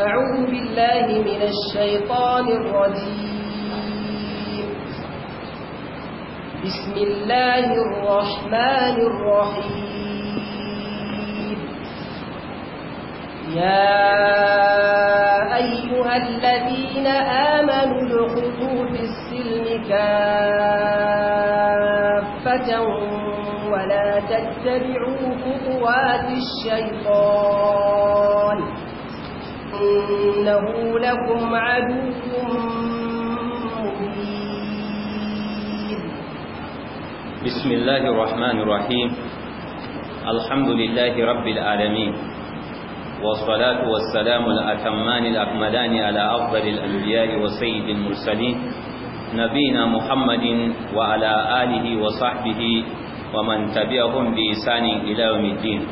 أعوذ بالله من الشيطان الرجيم بسم الله الرحمن الرحيم يا أيها الذين آمنوا ادخلوا في السلم كافة ولا تتبعوا خطوات الشيطان إنه لكم عدو مبين بسم الله الرحمن الرحيم الحمد لله رب العالمين والصلاة والسلام الأتمان الأكملان على أفضل الأنبياء وسيد المرسلين نبينا محمد وعلى آله وصحبه ومن تبعهم بإحسان إلى يوم الدين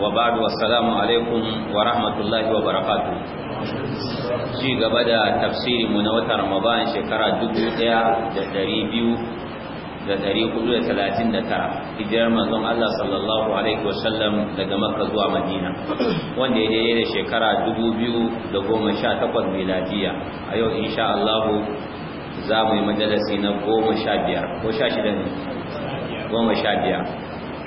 وبعد والسلام عليكم ورحمة الله وبركاته ci gaba da tafsiri mu na watan Ramadan shekara 1439 hijirar manzon Allah sallallahu alaihi wasallam daga Makka zuwa Madina wanda ya daidai da shekara 2018 miladiya a yau insha Allah za mu yi majalisi na 15 ko 16 ne 15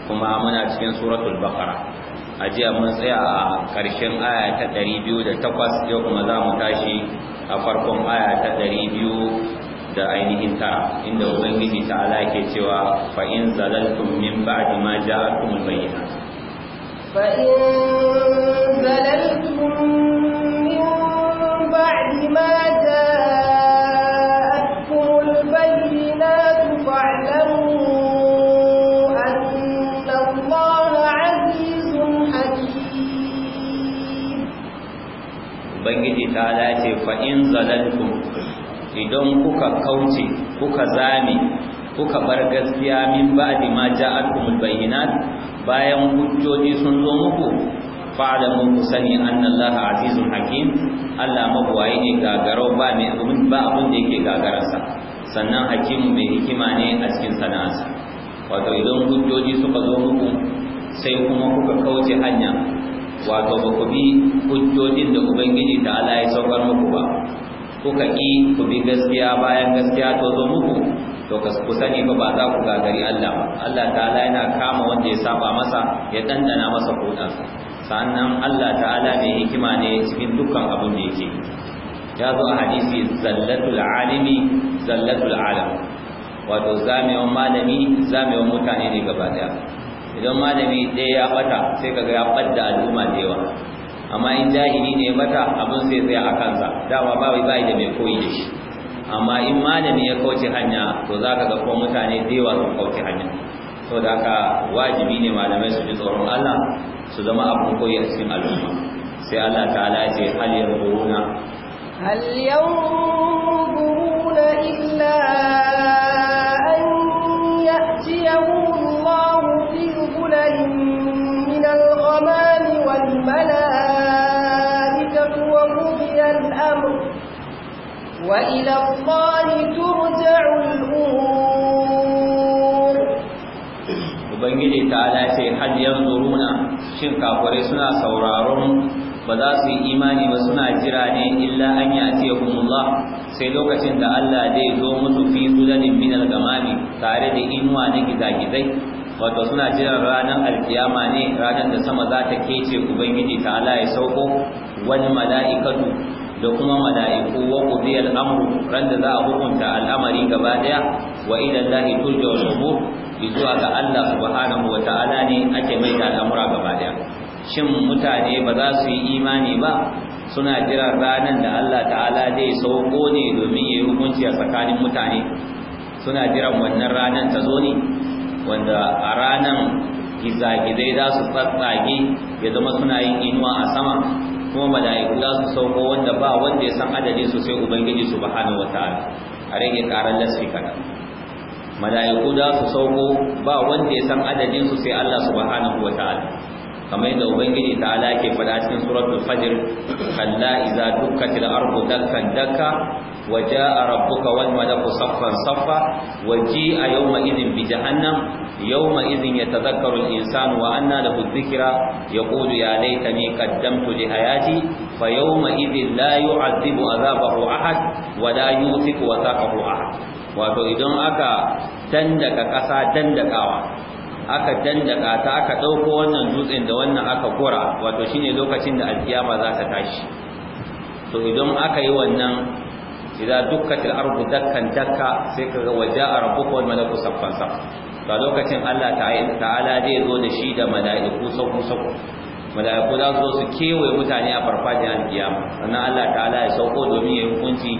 kuma muna cikin suratul baqara ajiya mun tsaya a ƙarshen aya ta 208 yau kuma za mu tashi a farkon aya ta 200 da ainihin tara inda ubangiji ta ala ke cewa fa in zalaltum min ba'di ma ja al-bayyinat fa in zalaltum min ba'di ma ta'ala ce fa in zalaltum idan kuka kauce kuka zame kuka bar gaskiya min ba'di ma ja'akumul bayyinat bayan hujjoji sun zo muku fa'lamu ku sani annallaha azizun hakim Allah mabuwaye ne gagarau ba ne abun ba abun da yake gagararsa sannan hakim mai hikima ne a cikin sana'arsa wato idan hujjoji suka zo muku sai kuma kuka kauce hanya wato ba ku bi hujjojin da ubangiji da ala ya saukar muku ba kuka ƙi ku bi gaskiya bayan gaskiya to zo muku to ku sani ba ba za ku ga gagari Allah Allah ta'ala yana kama wanda ya saba masa ya dandana masa kodansa sannan Allah ta'ala mai hikima ne cikin dukkan abin da yake ya zo a hadisi zallatul alimi zallatul alam wato zamewan malami zamewan mutane ne gaba daya idan malami ɗaya ya bata sai kaga ya ɓadda al'umma da yawa amma in jahili ne bata abun sai tsaya a kansa dama ba wai bai da mai koyi da shi amma in malami ya kauce hanya to za ka ga ko mutane da yawa sun kauce hanya da haka wajibi ne malamai su ji tsoron Allah su zama abin koyi a cikin al'umma sai Allah ta'ala ya ce hal yanzuruna hal yanzuruna illa وإلى الله ترجع الأمور Ubangiji ta'ala ce hal yanzuruna shin kafirai suna sauraron ba za su yi imani ba suna jira ne illa an yatihumullah sai lokacin da Allah zai zo musu fi zulalin minal gamami tare da inuwa na gizagizai wato suna jiran ranar alkiyama ne ranar da sama za ta kece ubangiji ta'ala ya sauko wani mala'ikatu da kuma mala'iku wa qudiya al-amru ran da za a hukunta al'amari gaba daya wa ila allahi turja al-umur zuwa ga Allah subhanahu wa ta'ala ne ake mai da al'amura gaba daya shin mutane ba za su yi imani ba suna jiran ranar da Allah ta'ala zai sauko ne domin yayi hukunci a tsakanin mutane suna jiran wannan ranar ta zo ne wanda a ranar gizagizai za su tsatsage ya zama suna yin inuwa a sama kuma mala'iku za su sauko wanda ba wanda ya san adadin su sai ubangiji subhanahu wataala a rage karan lasfi kana mala'iku za su sauko ba wanda ya san adadin su sai Allah subhanahu wataala kamar yadda ubangiji ta ala ke faɗa cikin suratul fajr kalla iza dukkatil ardu dakkan dakka wa jaa rabbuka wal malaku saffan saffa wa jaa yawma idhin bi jahannam yawma idhin yatadhakkaru al insanu wa anna lahu dhikra yaqulu ya laitani qaddamtu li hayati fa yawma idhin la yu'adhibu adhabahu ahad wa la yuthiqu wathaqahu ahad wato idan aka dandaka kasa dandakawa aka dandaka ta aka dauko wannan dutsen da wannan aka kora wato shine lokacin da alkiyama za ta tashi to idan aka yi wannan idan dukkatil ardu dakkan dakka sai kaga waja'a rabbuka wal malaku saffan saff to lokacin Allah ta'ala zai zo da shi da mala'iku sauku sauku mala'iku za su zo su kewaye mutane a farfajiyar alkiyama sannan Allah ta'ala ya sauko domin ya hukunci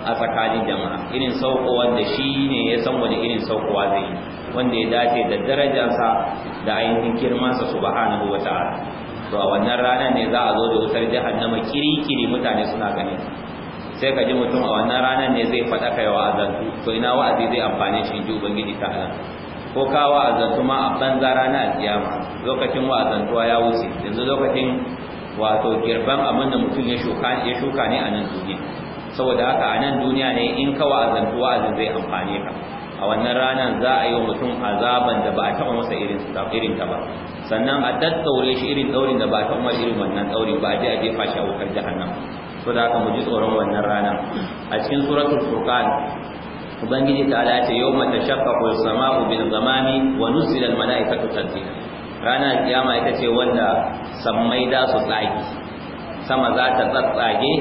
a tsakanin jama'a irin saukowa wanda shi ne ya san wani irin saukowa zai yi wanda ya dace da darajarsa da ainihin girmansa subhanahu wa ta'ala to a wannan ranar ne za a zo da wutar jahannama makirikiri mutane suna ganin sai ka ji mutum a wannan ranar ne zai faɗa kai azantu to ina wa'azi zai amfane shi ji ubangiji ala ko ka wa'azantu ma a banza ranar alkiyama lokacin wa'azantuwa ya wuce yanzu lokacin wato girban abin da mutum ya shuka ne a nan duniya saboda haka a nan duniya ne in ka wa'azantu wa'azin zai amfane ka a wannan ranar za a yi wa mutum azaban da ba a taɓa masa irin ta ba sannan a daddaure shi irin daurin da ba a taɓa irin wannan daurin ba a je a jefa shi a wukar jahannam so da haka mu ji tsoron wannan ranar a cikin suratul furqan ubangiji ta ala ce yawma tashaqqaqu as-sama'u bil ghamami wa nuzila al-mala'ikatu tanzila ranar kiyama ita ce wanda sammai da su tsage sama za ta tsatsage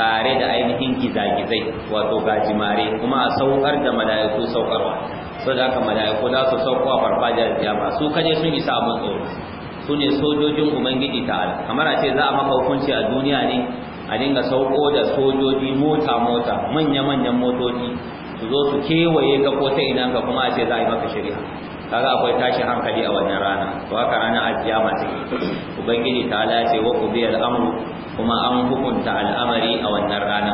tare da ainihin gizagizai wato gajimare kuma a saukar da malayaku saukarwa sau da aka malayaku za su saukowa farfajiyar jama su kaje sun isa abin tsoro su ne sojojin ubangiji ala kamar a ce za a maka hukunci a duniya ne a dinga sauko da sojoji mota mota manya manyan motoci su zo su kewaye ka kota idan ina ka kuma a ce za a yi maka shari'a kaga akwai tashin hankali a wannan rana to haka rana alkiyama take ubangiji ta'ala ya ce wa qudiya amru kuma an hukunta al'amari a wannan rana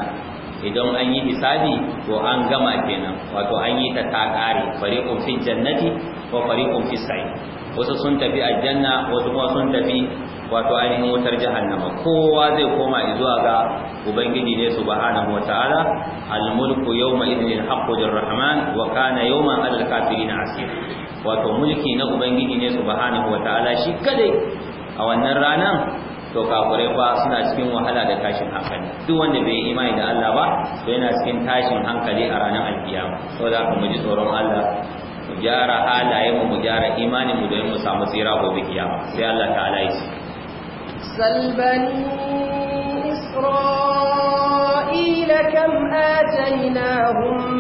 idan an yi hisabi to an gama kenan wato an yi ta ta kare fariqun fi jannati wa fariqun fi sa'id wasu sun tafi aljanna wasu kuma sun tafi wato ainihin wutar jahannama kowa zai koma zuwa ga ubangiji ne subhanahu wataala almulku yawma idhin alhaqqu lirrahman wa kana yawman alal kafirin asir wato mulki na ubangiji ne subhanahu ta'ala shi kadai a wannan ranan to kafirai fa suna cikin wahala da tashin hankali duk wanda bai imani da Allah ba to yana cikin tashin hankali a ranar alkiyama saboda ka mu ji tsoron Allah mu gyara halaye mu mu gyara imanin mu don mu samu tsira gobe kiyama sai Allah ta'ala yi salban إسرائيل كم آتيناهم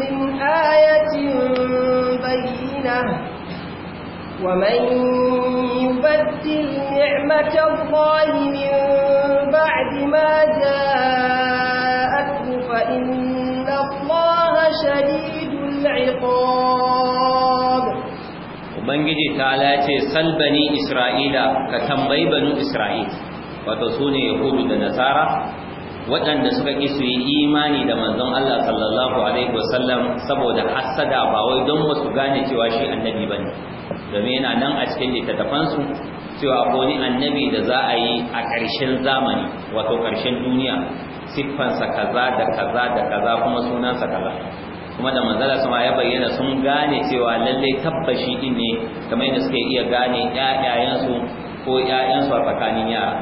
من آية بينة ومن يبدل نعمة الله من بعد ما جاءته فإن الله شديد العقاب Ubangiji ta lace salbani Isra'ila ka tambayi banu Isra'il wato su ne Yahudu da Nasara waɗanda suka ƙi su yi imani da manzon Allah sallallahu alaihi wasallam saboda hassada ba wai don wasu gane cewa shi annabi bane domin yana nan a cikin littattafansu cewa akwai annabi da za a yi a ƙarshen zamani wato ƙarshen duniya siffansa kaza da kaza da kaza kuma sunansa kaza kuma da manzala sama ya bayyana sun gane cewa lalle tabbashi din ne kamar yadda suke iya gane ƴaƴayensu ko ƴaƴansu a tsakanin yara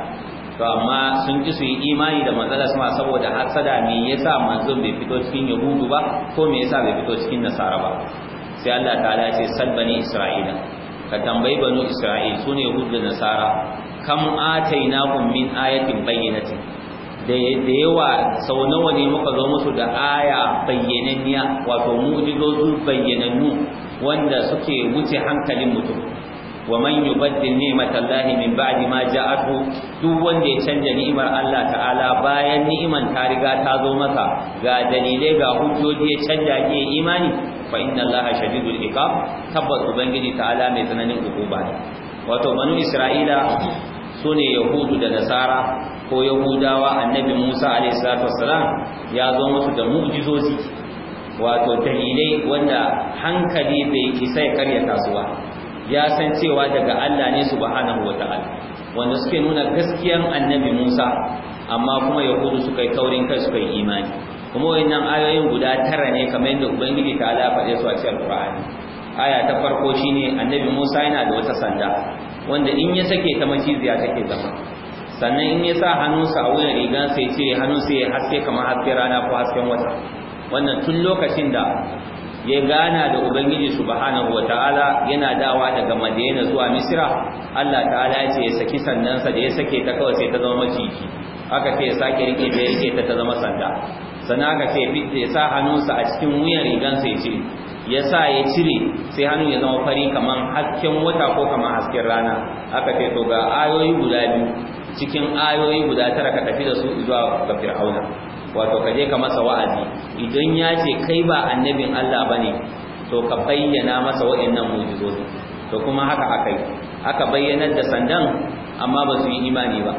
to amma sun ki su yi imani da manzala sama saboda hasada me yasa manzon bai fito cikin yahudu ba ko me yasa bai fito cikin nasara ba sai Allah ta'ala ya ce bani isra'ila ka tambayi banu isra'il sune yahudu da nasara kam atainakum min ayatin bayyinatin da yawa sau nawa ne muka zo musu da aya bayyananniya wato mu'jizozu bayyanannu wanda suke wuce hankalin mutum wa man yubaddil ni'matallahi min ba'di ma ja'atu duk wanda ya canja ni'imar Allah ta'ala bayan ni'iman ta riga ta zo masa ga dalilai ga hujjoji ya canja ke imani fa inna allaha shadidul iqab tabbas ubangiji ta'ala mai tsananin hukuma wato banu isra'ila sune yahudu da nasara ko yahudawa annabi Musa alayhi salatu wassalam ya zo musu da mu'jizozi wato dalilai wanda hankali bai kisa ya karya kasuwa ya san cewa daga Allah ne subhanahu wataala wanda suke nuna gaskiyar annabi Musa amma kuma yahudu suka yi taurin kai suka yi imani kuma wannan ayoyin guda tara ne kamar yadda ubangiji ta ala faɗe su a cikin qur'ani aya ta farko shine annabi Musa yana da wata sanda wanda in ya sake ta maciziya take zama sannan in ya sa hannunsa a wuyan rigan sai ce hannun sai ya haske kamar hasken rana ko hasken wata wannan tun lokacin da ya gana da ubangiji subhanahu wataala yana dawa daga madina zuwa Misira, Allah ta'ala ya ce ya saki sandansa da ya sake ta kawai sai ta zama maciji haka ce ya sake rike da ya rike ta ta zama sanda Sana aka ce ya sa hannunsa a cikin wuyan rigansa ya cire ya sa ya cire sai hannun ya zama fari kamar hasken wata ko kamar hasken rana aka ce to ga ayoyi guda biyu cikin ayoyi guda tara ka tafi da su zuwa ga fir'auna wato ka je ka masa wa'azi idan ya ce kai ba annabin Allah bane to ka bayyana masa wa'annan mu'jizozi to kuma haka aka yi aka bayyanar da sandan amma ba su yi imani ba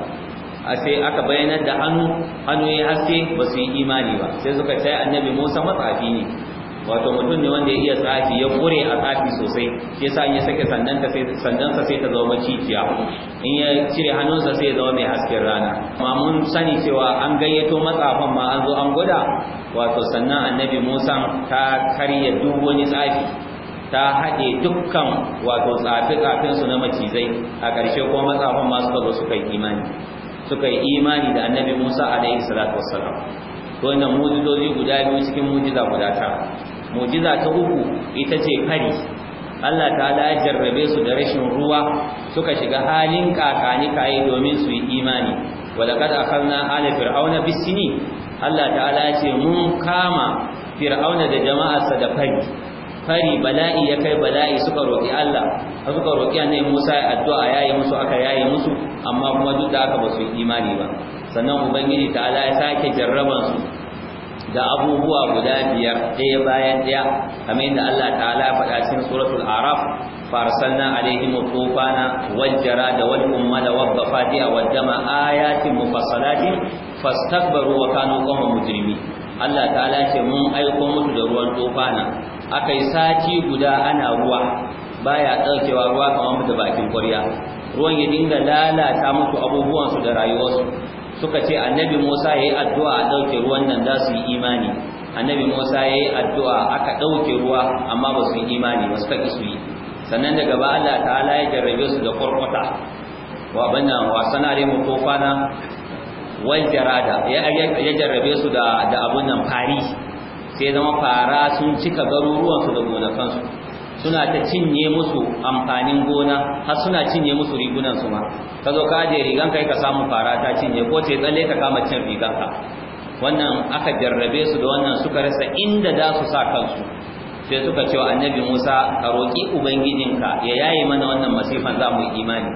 a sai aka bayyana da hannu hannu ya haske ba su yi imani ba sai suka ce annabi musa matsafi ne wato mutum ne wanda ya iya tsafi ya kure a tsafi sosai sai sa ya sake sandansa sai sai ta zama macikiya in ya cire hannunsa sai ya zama mai hasken rana amma mun sani cewa an gayyato matsafan ma an zo an gwada wato sannan annabi musa ta karya duk wani tsafi ta haɗe dukkan wato tsafi-tsafinsu na macizai a ƙarshe kuma matsafan masu suka suka yi imani suka yi imani da annabi Musa alaihi salatu wassalam to wannan mu'jizoji guda biyu cikin mu'jiza guda ta mu'jiza ta uku ita ce fari Allah Ta ya jarrabe su da rashin ruwa suka shiga halin kakani kai domin su yi imani kada akhadna ala fir'auna bisini Allah ta'ala ya ce mun kama fir'auna da jama'arsa da fari fari bala'i ya kai bala'i suka roƙi Allah suka roƙi annabi Musa ya addu'a yayi musu aka yayi musu amma kuma duk da aka ba su imani ba sannan ubangiji ta'ala ya sake jarraban su da abubuwa guda biyar ɗaya bayan ɗaya kamar yadda Allah ta'ala ya faɗa cikin suratul araf فارسلنا عليهم الطوفان والجراد والأمل والضفادع ayatin آيات مفصلات فاستكبروا وكانوا قوم مجرمين Allah ta'ala ce mun aiko mutu da ruwan tufana akai sati guda ana ruwa baya ɗaukewa ruwa kamar da bakin ƙwarya ruwan ya dinga lalata abubuwan su da rayuwarsu suka ce annabi musa yayi yi addu'a a ɗauke ruwan nan za su yi imani annabi musa ya addu'a aka ɗauke ruwa amma ba su yi imani ba suka ƙi yi sannan daga ba allah ta'ala ya jarrabe su da ƙwarƙwata wa bana wa sanare mu ko wal jarada ya jarrabe su da abun nan fari sai zama fara sun cika garuruwansu da gonakansu suna ta cinye musu amfanin gona har suna cinye musu rigunan su ma ka zo ka je rigan kai ka samu fara ta cinye ko ce tsalle ka kama cin riganka wannan aka jarrabe su da wannan suka rasa inda za su sa kansu sai suka cewa annabi Musa ka roki ubangijinka ya yaye mana wannan masifan za mu yi imani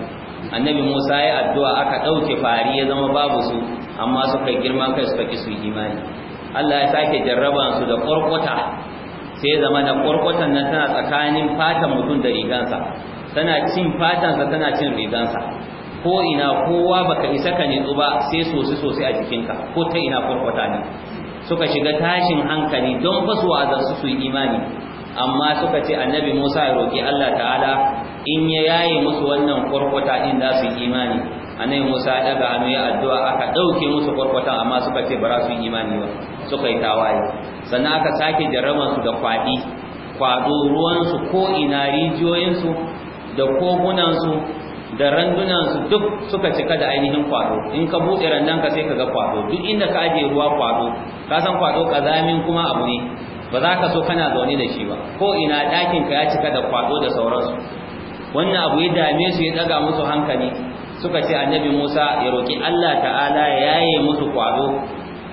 annabi Musa ya addu'a aka ɗauke fari ya zama babu su amma suka girma kai suka ki su imani Allah ya sake jarraba su da korkota sai zama da korkotan nan tana tsakanin fatan mutum da rigansa tana cin fatansa tana cin rigansa ko ina kowa baka isa ka nitsu ba sai sosai-sosai a jikinka ko ta ina korkota ne suka shiga tashin hankali don ba su wa'azarsu su yi imani amma suka ce annabi Musa ya roki Allah ta'ala in ya yaye musu wannan korkota din za su yi imani annabi Musa ya daga hannu ya addu'a aka dauke musu kwarkwatan amma suka ce ba su imani ba suka yi tawaye sannan aka sake jarraban su da kwadi kwado ruwan su ko ina rijiyoyin su da kogunan su da randunan su duk suka cika da ainihin kwado in ka buɗe randan ka sai ka ga kwado duk inda ka aje ruwa kwado ka san kwado kazamin kuma abu ne ba za ka so kana zaune da shi ba ko ina ɗakin ka ya cika da kwado da sauransu wannan abu ya dame su ya daga musu hankali suka ce annabi Musa ya roki Allah ta'ala ya yaye musu kwado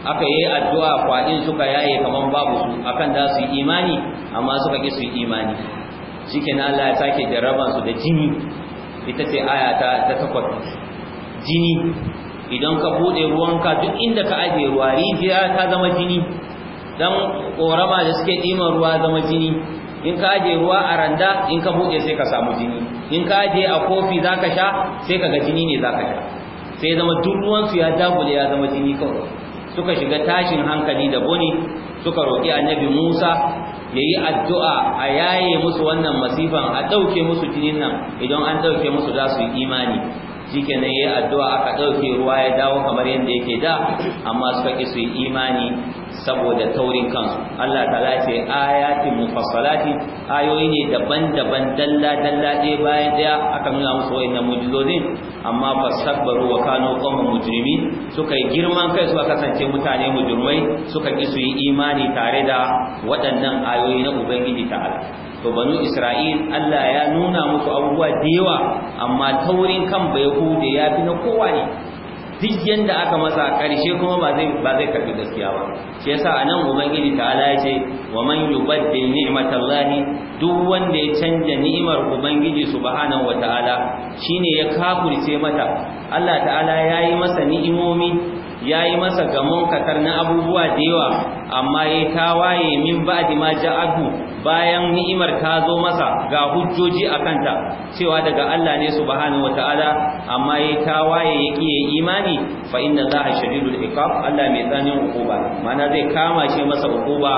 aka yi addu'a kwadin suka yaye kaman babu su akan da su imani amma suka ki su imani shikenan Allah ya sake jaraban su da jini ita ce aya ta takwas jini idan ka bude ruwanka duk inda ka aje ruwa rijiya ta zama jini dan korama da suke ɗiman ruwa zama jini in ka aje ruwa a randa in ka buɗe sai ka samu jini in ka aje a kofi za ka sha sai ka ga jini ne za ka sha sai zama duk ruwansu ya dagule ya zama jini kawai suka shiga tashin hankali da boni suka roƙi annabi musa ya yi addu'a a yaye musu wannan masifan a ɗauke musu jinin nan idan an ɗauke musu za su yi imani ne yayi addu'a aka dauke ruwa ya dawo kamar yadda yake da amma suka ki su imani saboda taurin kansu Allah ta'ala ce ayatin mufassalati ayoyi ne daban-daban dalla dalla ɗaya bayan ɗaya aka nuna musu wayannan mujizozin amma fasabbaru wa kanu qawman mujrimin suka yi girman kai suka kasance mutane mujrimai suka ki su yi imani tare da waɗannan ayoyi na ubangiji ta'ala to banu isra'il Allah ya nuna musu abubuwa da yawa amma taurin kan bai hude ya fi na kowa ne duk yanda aka masa karshe kuma ba zai ba zai karbi gaskiya ba shi yasa anan ubangiji ta'ala ya ce wa man yubaddil ni'matallahi duk wanda ya canja ni'imar ubangiji subhanahu wataala shine ya kafirce mata Allah ta'ala yayi masa ni'imomi ya yi masa gamon katar na abubuwa da yawa amma ya tawaye min da ma ja'ahu bayan ni'imar ta zo masa ga hujjoji a kanta cewa daga Allah ne subhanahu ta'ala amma ya tawaye ya kiye imani fa inna shadidu shadidul iqab Allah mai tsananin hukuba mana zai kama shi masa hukuba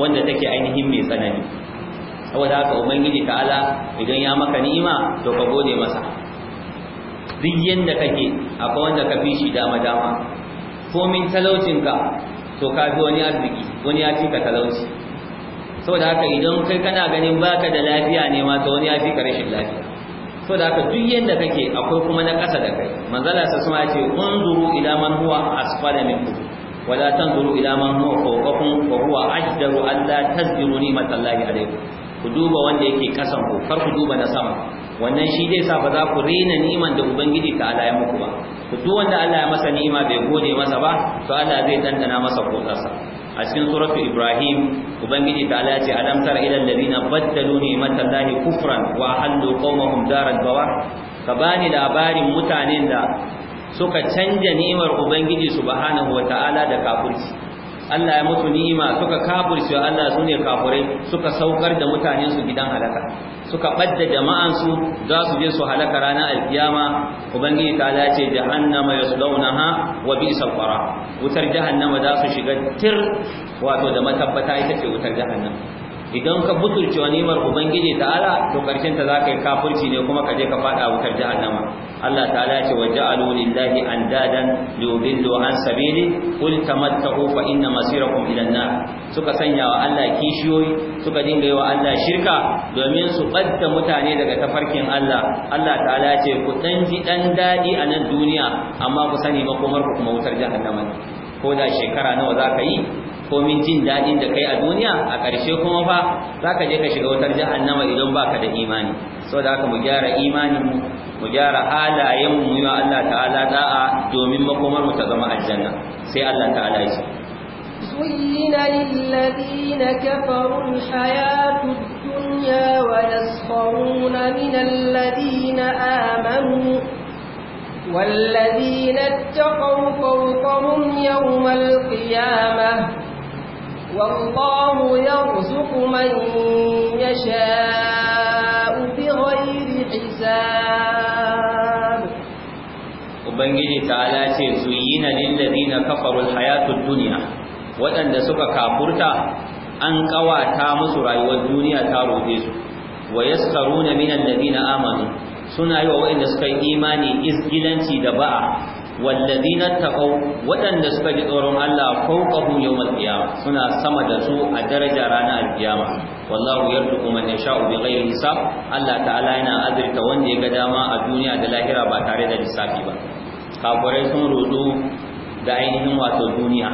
wanda take ainihin mai tsanani saboda haka ubangiji ta'ala idan ya maka ni'ima to ka gode masa duk yanda kake akwai wanda ka fi shi dama dama komin talaucinka to ka fi wani arziki wani ya fi ka talauci saboda haka idan kai kana ganin baka da lafiya ne ma to wani ya fi ka rashin lafiya saboda haka duk yanda kake akwai kuma na ƙasa da kai manzala sa suma ce unzuru ila man huwa asfala minkum la tanzuru ila man huwa fawqakum wa huwa ajdaru an la tazdiru ni'matallahi alaykum ku duba wanda yake kasan ku kar ku duba na sama wannan shi zai sa ba za ku rena niman da ubangiji ta ala ya muku ba to duk wanda Allah ya masa ni'ima bai gode masa ba to Allah zai dandana masa kotarsa a cikin suratul ibrahim ubangiji ta ala ce alam tara ila alladhina baddalu ni'matallahi kufran wa hallu qaumahum daral Bawa ka bani labarin mutanen da suka canja ni'imar ubangiji subhanahu ta'ala da kafirci Allah ya mutu ni'ima suka kafirce Allah su ne kafirai suka saukar da mutanen su gidan halaka suka badda jama'an su za su je su halaka ranar alkiyama ubangiji ta Allah ce jahannama yaslaunaha wa bi'sal qara wutar jahannama za su shiga tir wato da matabbata ita ce wutar jahannama idan ka butulce nimar ubangiji ta'ala to karshen ta zaka yi kafirci ne kuma ka je ka fada wutar jahannama Allah ta'ala ya ce waja'alu lillahi andadan liyudillu an sabili qul tamattahu fa inna masirakum ila an suka sanya wa Allah kishiyoyi suka dinga yi wa Allah shirka domin su badda mutane daga tafarkin Allah Allah ta'ala ya ce ku dan ji dan dadi a nan duniya amma ku sani makomar ku kuma wutar jahannama ko da shekara nawa zaka yi komin jin daɗin da kai a duniya a ƙarshe kuma fa za ka je ka shiga wutar jahannama idan baka da imani saboda haka mu gyara imanin mu mu gyara halayen mu yi Allah ta'ala da'a domin makomar mu ta zama aljanna sai Allah ta'ala ya ce زين للذين كفروا الحياة الدنيا ويسخرون من الذين آمنوا والذين اتقوا فوقهم يوم القيامة والله يرزق من يشاء بغير حساب Ubangiji ta'ala ce zuyina lillazina kafarul hayatud dunya waɗanda suka kafurta an ƙawata musu rayuwar duniya ta robe su na yaskaruna minal ladina amanu suna yi wa waɗanda suka yi imani isgilanci da ba'a والذين اتقوا ودن سكا جي تورون الله فوقهم sama da su a daraja الدرجه رانا القيامه والله يرزق من يشاء بغير حساب Allah Ta'ala yana azirta wanda ya ga dama a duniya da lahira ba tare da lissafi ba kafirai sun rudu da ainihin wato duniya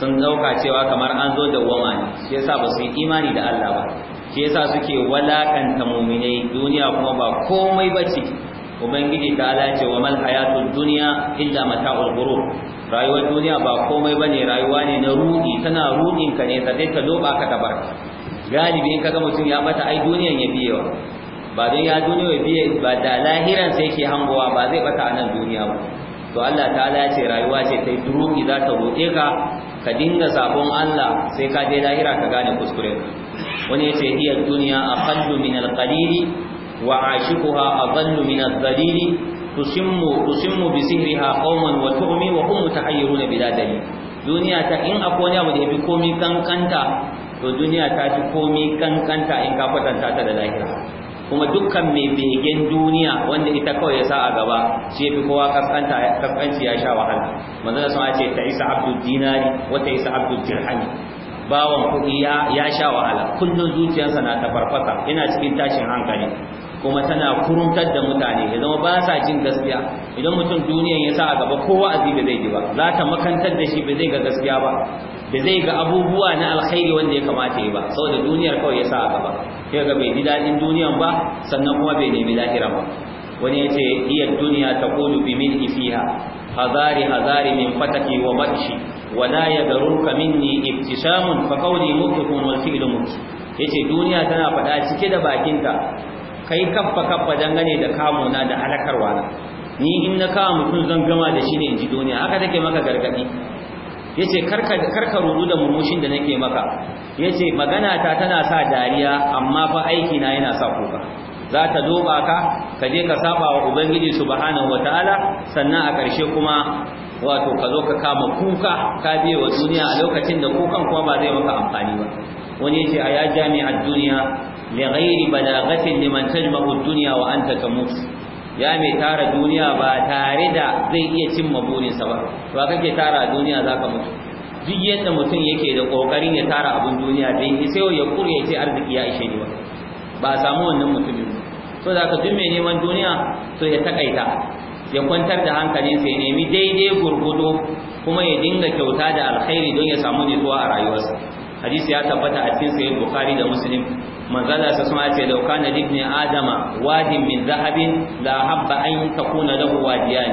sun dauka cewa kamar an zo da wama ne shi ba su yi imani da Allah ba shi yasa suke walakanta mu'minai duniya kuma ba komai bace ubangiji ta ala wa mal hayatud dunya illa mata'ul ghurur rayuwar duniya ba komai bane rayuwa ne na rudi tana rudin ka ne sai zo loba ka barka galibi in kaga mutum ya mata ai duniyan ya biyewa ba don ya duniya ya biye ba da lahiran sai ke hangowa ba zai bata anan duniya ba to Allah ta ya ce rayuwa ce ta durumi za ta roƙe ka ka dinga sabon Allah sai ka je lahira ka gane kuskure wani yace hiyar duniya a min al-qalili Wa a shi ku ha a zan lumina bi siyar a oman wata wa kunmu ta haiyyuruna bidata ne. Duniya ta in a ko ni a muna ya to duniya ta fi komai ƙanƙanta in ka ta da lahira. Kuma dukkan mai begen duniya wanda ita kawai yasa a gaba shi ya fi kowa ƙaƙƙantan ya sha wahala. Manajan sama ce ta isa Abdul dinari wata isa Abdul jirani. bawan kuɗi ya sha wahala kullum zuciyarsa na ta farfasa yana cikin tashin hankali kuma tana kuruntar da mutane idan zama ba sa jin gaskiya idan mutum duniyar ya sa a gaba kowa a zai ji ba za ta makantar da shi ba zai ga gaskiya ba da zai ga abubuwa na alkhairi wanda ya kamata yi ba saboda duniyar kawai ya sa a gaba ya ga bai ji daɗin duniyar ba sannan kuma bai nemi lahira ba wani ya ce iya duniya ta kudu bi min ifiha hazari hazari min fataki wa matshi wala yaghrurka minni ibtisamun fa qawli mudhikun wal fi'lu mudhi yace duniya tana faɗa cike da bakinta kai kaffa kaffa dangane da kamuna da halakarwa ni in na kama mutum zan gama da shi ne in ji duniya haka take maka gargadi yace karka karka rudu da murmushin da nake maka yace magana ta tana sa dariya amma fa aiki na yana sa kuka za ta doba ka ka je ka saba wa ubangiji subhanahu wataala sannan a ƙarshe kuma wato ka zo ka kama kuka ka biye wa duniya a lokacin da kukan kuma ba zai maka amfani ba wani yace a ya jami'ar duniya li ghairi balaghatin liman tajma'u dunya wa anta tamut ya mai tara duniya ba tare da zai iya cimma burinsa ba to kake tara duniya zaka mutu duk yadda mutum yake da kokarin ya tara abun duniya dai in sai ya kure ya ce arziki ya ishe ni ba ba samu wannan mutumin so da ka duk neman duniya to ya takaita ya kwantar da hankalinsa ya nemi daidai gurgudu kuma ya dinga kyauta da alkhairi don ya samu nutsuwa a rayuwarsa hadisi ya tabbata a cikin sayyid bukhari da muslim manzala sa sama ce da kana ibn adama wadin min zahabin la habba an takuna lahu wadiyan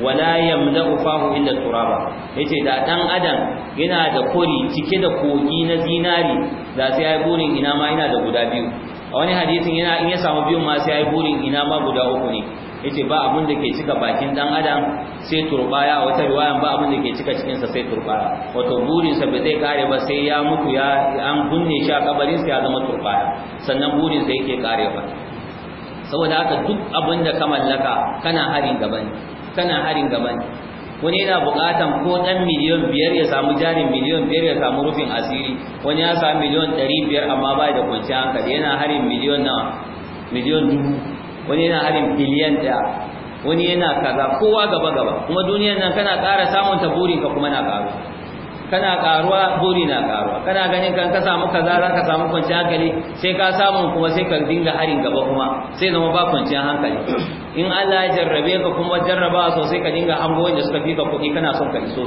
wala yamla'u fahu illa turaba yace da dan adam yana da kori cike da kogi na zinari da sai ai burin ina ma ina da guda biyu a wani hadisin yana in ya samu biyun ma sai ai burin ina ma guda uku ne yace ba abun da ke cika bakin dan adam sai turbaya wata riwayan ba abun da ke cika cikin sa sai turbaya wato burin sa bai zai kare ba sai ya mutu ya an kunne shi a kabarin sa ya zama turbaya sannan burin sa yake ba. saboda haka duk abin da ka mallaka kana harin gaban ne kana harin gaban wani yana bukatan ko dan miliyon biyar ya samu jarin miliyon biyar ya samu rufin asiri wani ya samu miliyon ɗari biyar amma ba da kwanciyar hankali yana harin miliyon na miliyon dubu wani yana harin biliyan daya wani yana kaza kowa gaba gaba kuma duniyar nan kana ƙara samun ta burin ka kuma na ƙaru kana ƙaruwa buri na ƙaruwa kana ganin kan ka samu kaza za ka samu kwanciyar hankali sai ka samu kuma sai ka dinga harin gaba kuma sai zama ba kwanciyar hankali in Allah ya jarrabe ka kuma jarraba sosai ka dinga hango wanda suka fi ka kuɗi kana son ka iso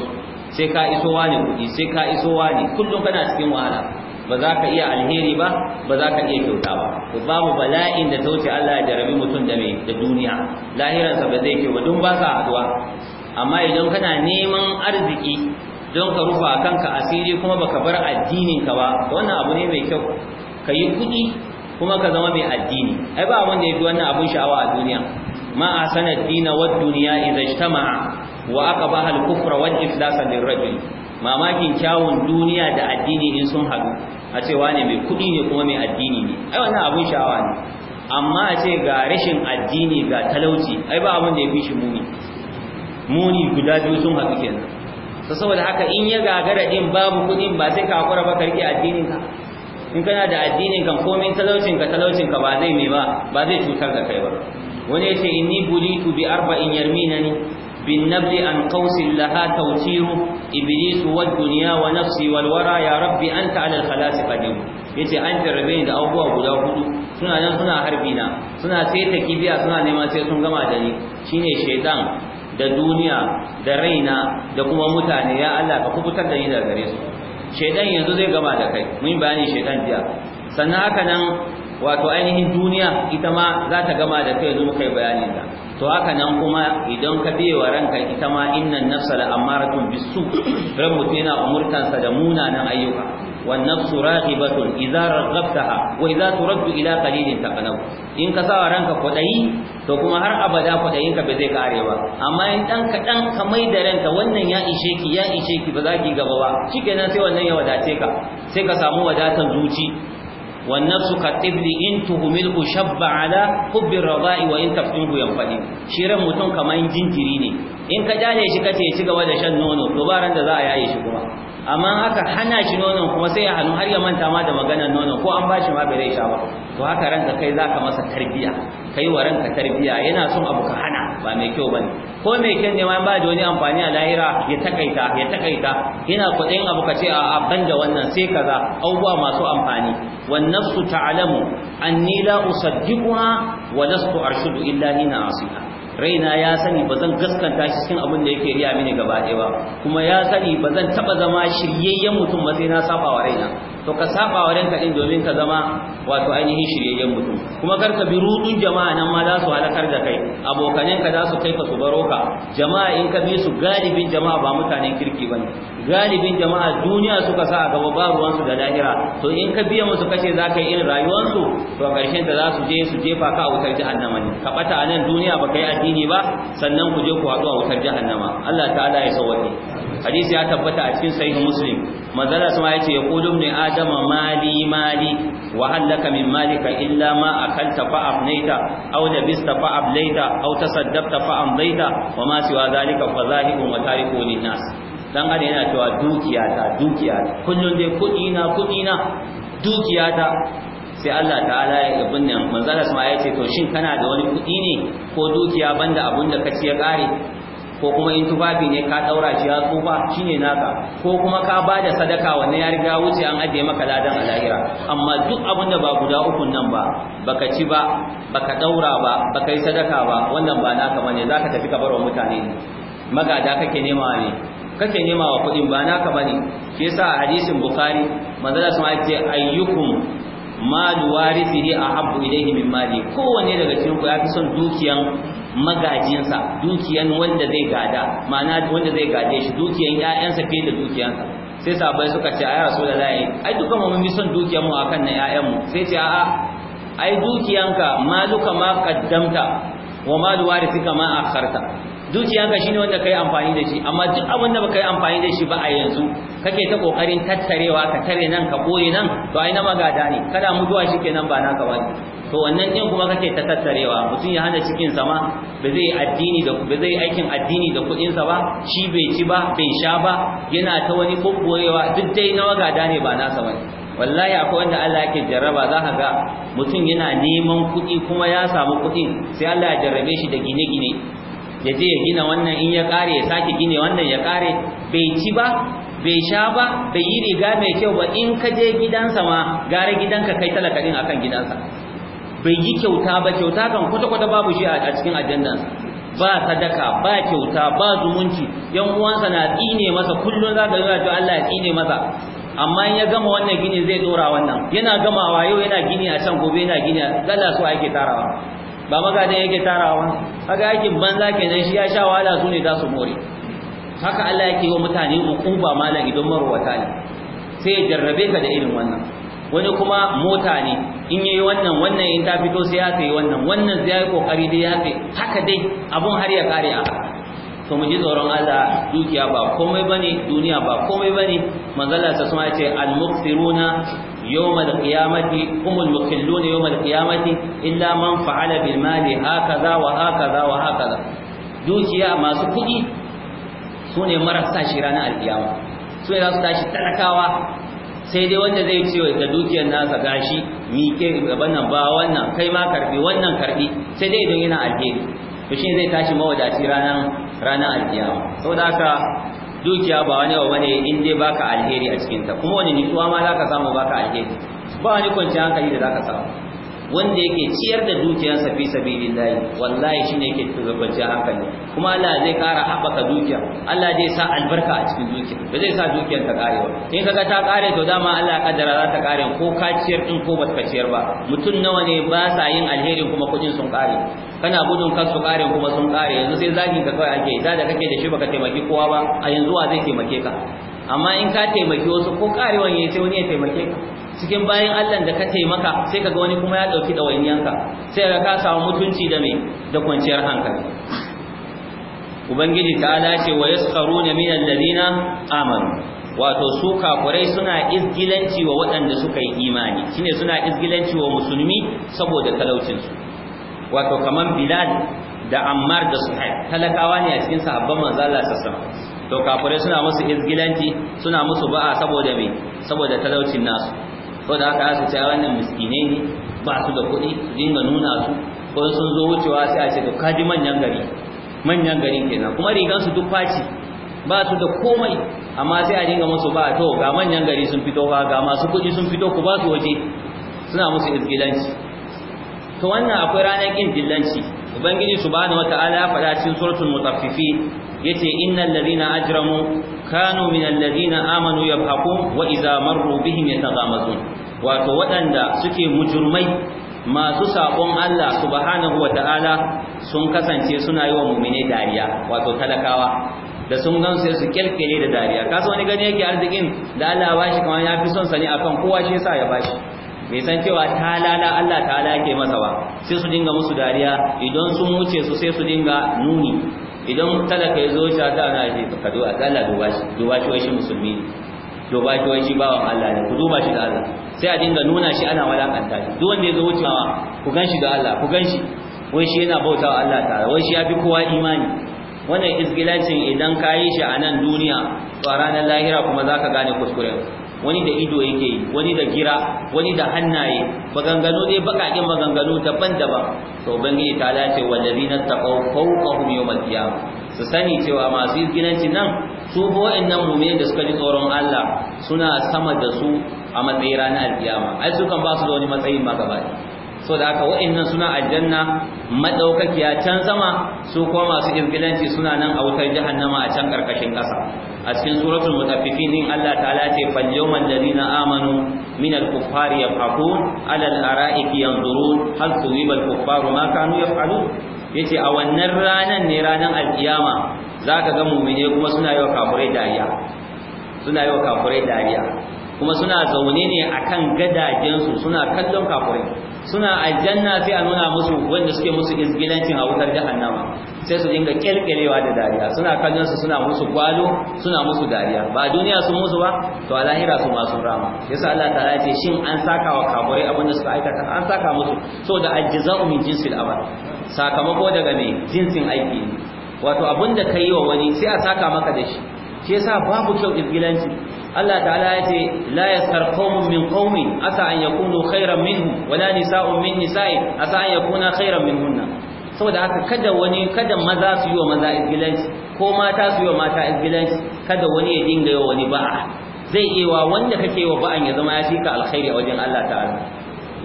sai ka iso wani kuɗi sai ka iso wani kullum kana cikin wahala ba za ka iya alheri ba ba za ka iya kyauta ba to babu bala'in da ta Allah ya jarabi mutum da mai da duniya lahiransa ba zai kyau ba don ba sa haduwa amma idan kana neman arziki don ka rufa kanka asiri kuma baka bar addinin ka ba wannan abu ne mai kyau ka yi kuɗi kuma ka zama mai addini ai ba wanda ya fi wannan abun sha'awa a duniya ma ahsana ad-dina wad-dunya idha ijtama'a wa ba hal kufra wal-iflasa lirajul mamakin kyawun duniya da addini in sun haɗu a ce wane mai kuɗi ne kuma mai addini ne ai wannan abun sha'awa ne amma a ce ga rashin addini ga talauci ai ba abun da ya fi shi muni muni guda biyu sun haɗu kenan ta saboda haka in ya gagara din babu kuɗin ba sai ka hakura ba karki addinin ka in kana da addinin komai talaucin ka talaucin ka ba zai mai ba ba zai cutar da kai ba wani ya ce inni bulitu bi arba'in ni. بالنبل عن قوس لها توتير إبليس والدنيا ونفسي والورى يا ربي أنت على الخلاص قدير yace an tarbe da abubuwa guda hudu suna nan suna harbi na suna sai ta kibiya suna nema sai sun gama da ni shine shaytan da duniya da raina da kuma mutane ya Allah ka kubutar da ni daga gare su shaytan yanzu zai gama da kai mun bayani shaytan jiya sannan haka nan wato ainihin duniya ita ma za ta gama da kai yanzu muka yi bayanin ta to haka nan kuma idan ka biye wa ranka ita ma innan nafsa la amaratun bisu ran na yana umurtansa da munanan ayyuka wan nafsu raghibatun idza raghabtaha wa idza turaddu ila qalilin taqalab in ka sawa ranka kwadayi to kuma har abada kwadayin ka ba zai kare ba amma in dan ka dan ka mai da ranka wannan ya ishe ki ya ishe ki ba za ki gaba ba shikenan sai wannan ya wadace ka sai ka samu wadatan zuci والنفس كالطفل إن تهمله شب على حب الرضاء وإن تفتنه ينفدي شيرا متون كما إن جنجريني إن كجالي شكتي شكا ودا شن نونو دوبارا دا يعيش كما amma haka hana shi nonon kuma sai ya hannu har ya manta ma da maganar nonon ko an ba shi ma bai sha ba to haka ranka kai zaka masa tarbiya kai wa ranka tarbiya yana son abu ka hana ba mai kyau bane ko mai kyan ne ma ba da wani amfani a lahira ya takaita ya takaita yana kuɗin abu ka ce a ban da wannan sai kaza abubuwa masu amfani wan nafsu ta'lamu anni la usaddiquha wa lastu arshudu illa hina asiha raina ya sani ba zan gaskanta shi cikin abin da yake riya mini gaba ɗaya ba kuma ya sani ba zan taɓa zama shiryayyen mutum ba sai na saba wa raina to ka saba wa ranka din domin ka zama wato ainihin shiryayyen mutum kuma kar ka bi rudun jama'a nan ma za su halakar da kai abokanen ka za su kai ka su baro ka jama'a in ka bi su galibin jama'a ba mutanen kirki bane galibin jama'a duniya suka sa a gaba ba ruwansu da lahira to in ka biya musu kace za ka yi irin rayuwarsu to a ƙarshen da za su je su jefa ka a wutar jahannama ne ka bata a nan duniya ba ka yi addini ba sannan ku je ku haɗu a wutar jahannama Allah ta'ala ya sauwaƙe hadisi ya tabbata a cikin sahihu muslim manzala sama yace yaqulu ibn adama mali mali wa halaka min malika illa ma akalta fa afnaita aw labista fa ablaita aw tasaddaqta fa amdaita wa ma siwa dhalika fa zahibun wa tarikun nas dan adam yana cewa dukiya ta dukiya dai kudi na kudi na dukiya ta sai Allah ta'ala ya gabin nan Allah sama ya ce to shin kana da wani kudi ne ko dukiya banda abun da kace ya kare ko kuma in tufafi ne ka daura shi ya tsufa shine naka ko kuma ka bada sadaka wannan ya riga wuce an ajiye maka ladan a lahira amma duk abun da ba guda uku nan ba baka ci ba baka daura ba baka yi sadaka ba wannan ba naka bane zaka tafi ka bar wa mutane magada kake nema ne kake nema wa kuɗin ba naka bane shi yasa a hadisin bukhari manzala sun ce ayyukum malu warithihi ahabbu ilayhi min mali kowanne daga cikin ku yafi son dukiyan magajinsa dukiyan wanda zai gada ma'ana wanda zai gade shi dukiyan ƴaƴansa fiye da dukiyansa sai sabai suka ce ayi rasulullahi ai dukan mu mun bi son dukiyan mu akan na ƴaƴan mu sai ce a'a ai dukiyanka maluka ma qaddamta wa malu warithika ma akharta dukiyanka shine wanda kai amfani da shi amma duk abin da baka yi amfani da shi ba a yanzu kake ta kokarin tattarewa ka tare nan ka koyi nan to ai na magada ne kada mutuwa shikenan ba naka wani to wannan din kuma kake ta tattarewa mutum ya hana cikin sama ba zai addini da ba zai aikin addini da kudin sa ba shi bai ci ba bai sha ba yana ta wani kokorewa duk dai na magada ne ba nasa wani wallahi akwai wanda Allah yake jarraba za ka ga mutum yana neman kuɗi kuma ya samu kuɗin sai Allah ya jarrabe shi da gine-gine ya je ya gina wannan in ya kare ya sake gine wannan ya kare bai ci ba bai sha ba bai yi riga mai kyau ba in ka je gidansa ma gara gidanka kai talaka din akan gidansa bai yi kyauta ba kyauta kan kwata-kwata babu shi a cikin ajandansa ba sadaka ba kyauta ba zumunci yan uwansa na tsine masa kullum za ga yana Allah ya tsine masa amma in ya gama wannan gini zai dora wannan yana gamawa yau yana gini a can gobe yana gini Allah su ake tarawa ba magadan yake tarawa kaga yake banza kenan shi ya sha wahala su ne za su more haka Allah yake wa mutane ba malam idan marwata ne sai ya jarrabe ka da irin wannan wani kuma mota ne in yayi wannan wannan in ta fito sai ya sai wannan wannan zai yi kokari dai ya sai haka dai abun har ya kare a to mu ji tsoron Allah dukiya ba komai bane duniya ba komai bane manzala sa suma ce al-muqsiruna يوم القيامة هم المقلون يوم القيامة إلا من فعل بالمال هكذا وهكذا وهكذا دوكيا ما سكدي سوني مرسا شرانا القيامة سوني راسو تاشي تلكاوا sai dai wanda zai ce da dukiyar nasa gashi mike gaban nan ba wannan kai ma karbi wannan karbi sai dai don yana alheri to shi zai tashi mawadaci ranar ranar dukiya ba wani abu ne in dai baka alheri a cikin ta kuma wani nutsuwa ma zaka samu baka alheri ba wani kwanciyar hankali da zaka samu wanda yake ciyar da dukiyarsa fi sabilillahi wallahi shine yake tsoro kwanciya hankali kuma Allah zai kara haɓaka dukiya Allah zai sa albarka a cikin dukiya ba zai sa dukiyar ta kare ba in kaga ta kare to dama Allah kadara kaddara za ta kare ko ka ciyar din ko baka ciyar ba mutum nawa ne ba sa yin alheri kuma kudin sun kare kana gudun kan su kare kuma sun kare yanzu sai zakin ka kawai ake da da kake da shi baka taimaki kowa ba a yanzu wa zai taimake ka amma in ka taimaki wasu ko karewan yayi sai wani ya taimake ka cikin bayan Allah da ka taimaka sai kaga wani kuma ya dauki dawainiyanka sai ka ka samu mutunci da me da kwanciyar hankali ubangiji ta'ala ce wa yasqaruna min alladhina amanu wato su kafurai suna izgilanci wa waɗanda suka yi imani shine suna izgilanci wa musulmi saboda talaucin su wato kaman bilal da ammar da suhaib talakawa ne a cikin sahabban manzo Allah sallallahu alaihi wasallam to kafirai suna musu izgilanci suna musu ba'a saboda me saboda talaucin nasu ko da aka su ce wannan miskine ne ba su da kuɗi su dinga nuna su ko sun zo wucewa sai a ce to kaji manyan gari manyan garin kenan kuma rigan su duk faci ba su da komai amma sai a dinga musu ba to ga manyan gari sun fito ba ga masu kuɗi sun fito ku ba su waje suna musu izgilanci to wannan akwai ranar kin dillanci ubangiji subhanahu wataala ya faɗa cikin suratul mutaffifin yace innal ladina ajramu kanu minal ladina amanu yabhaqun wa idza marru bihim yataghamazun wato wadanda suke mujurmai masu sakon Allah subhanahu ta'ala sun kasance suna yi wa mu'mine dariya wato talakawa da sun gan sai su kelkele da dariya kasa wani gani yake arzikin da Allah ya bashi kamar ya fi son sani akan kowa shi yasa ya bashi bai san cewa talala Allah ta'ala yake masa ba sai su dinga musu dariya idan sun wuce su sai su dinga nuni idan talaka ya zo shata ana yi ka do Allah tsala duba shi duba shi wai shi musulmi ne duba shi wai shi bawan Allah ne ku duba shi da Allah sai a dinga nuna shi ana walakanta shi duk wanda ya zo wucewa ku gan shi da Allah ku gan shi wai shi yana bautawa Allah ta'ala wai shi ya fi kowa imani wannan izgilacin idan ka yi shi a nan duniya to a ranar lahira kuma za ka gane kuskure wani da ido yake yi wani da gira wani da hannaye maganganu ne bakakin maganganu daban-daban to ubangiji ta dace wallazina taqaw fawqahum al-qiyam su sani cewa masu ginanci nan su bo wayannan mu'minin da suka ji tsoron Allah suna sama da su a matsayin ranar al-qiyama ai su kan ba su da wani matsayin ma gaba so da haka wayannan suna aljanna madaukakiya can sama su kuma masu irgilanci suna nan a wutar jahannama a can karkashin ƙasa. a cikin suratul mutaffifin din Allah ta'ala ce fal yawmal ladina amanu min al kuffari yafhaqun ala al ara'iki yanzurun hal tuwiba al kuffaru ma kanu yaf'alun yace a wannan ranan ne ranan alkiyama zaka ga mu'mine kuma suna yawa kafirai dariya suna kafirai dariya kuma suna zaune ne akan gadajensu suna kallon kafirai suna aljanna sai a nuna musu wanda suke musu izgilancin a wutar jahannama sai su dinga kyalkyalewa da dariya suna kallon su suna musu kwalo, suna musu dariya ba duniya sun musu ba to a lahira su masu rama yasa Allah ta'ala ce shin an saka wa kafirai abin da suka aikata an saka musu saboda ajza'u min jinsil abad sakamako daga me jinsin aiki wato abin da kai wa wani sai a saka maka da shi shi yasa babu kyau izgilanci Allah ta'ala ya ce la yasar qaumun min qaumin asa an yakunu khairan minhum wala nisa'un min nisa'in asa an yakuna khairan minhunna saboda haka kada wani kada maza su yi wa maza izgilanci ko mata su yi wa mata izgilanci kada wani ya dinga yi wa wani ba'a zai iya wa wanda kake yi wa ba'an ya zama ya ka alkhairi a wajen Allah ta'ala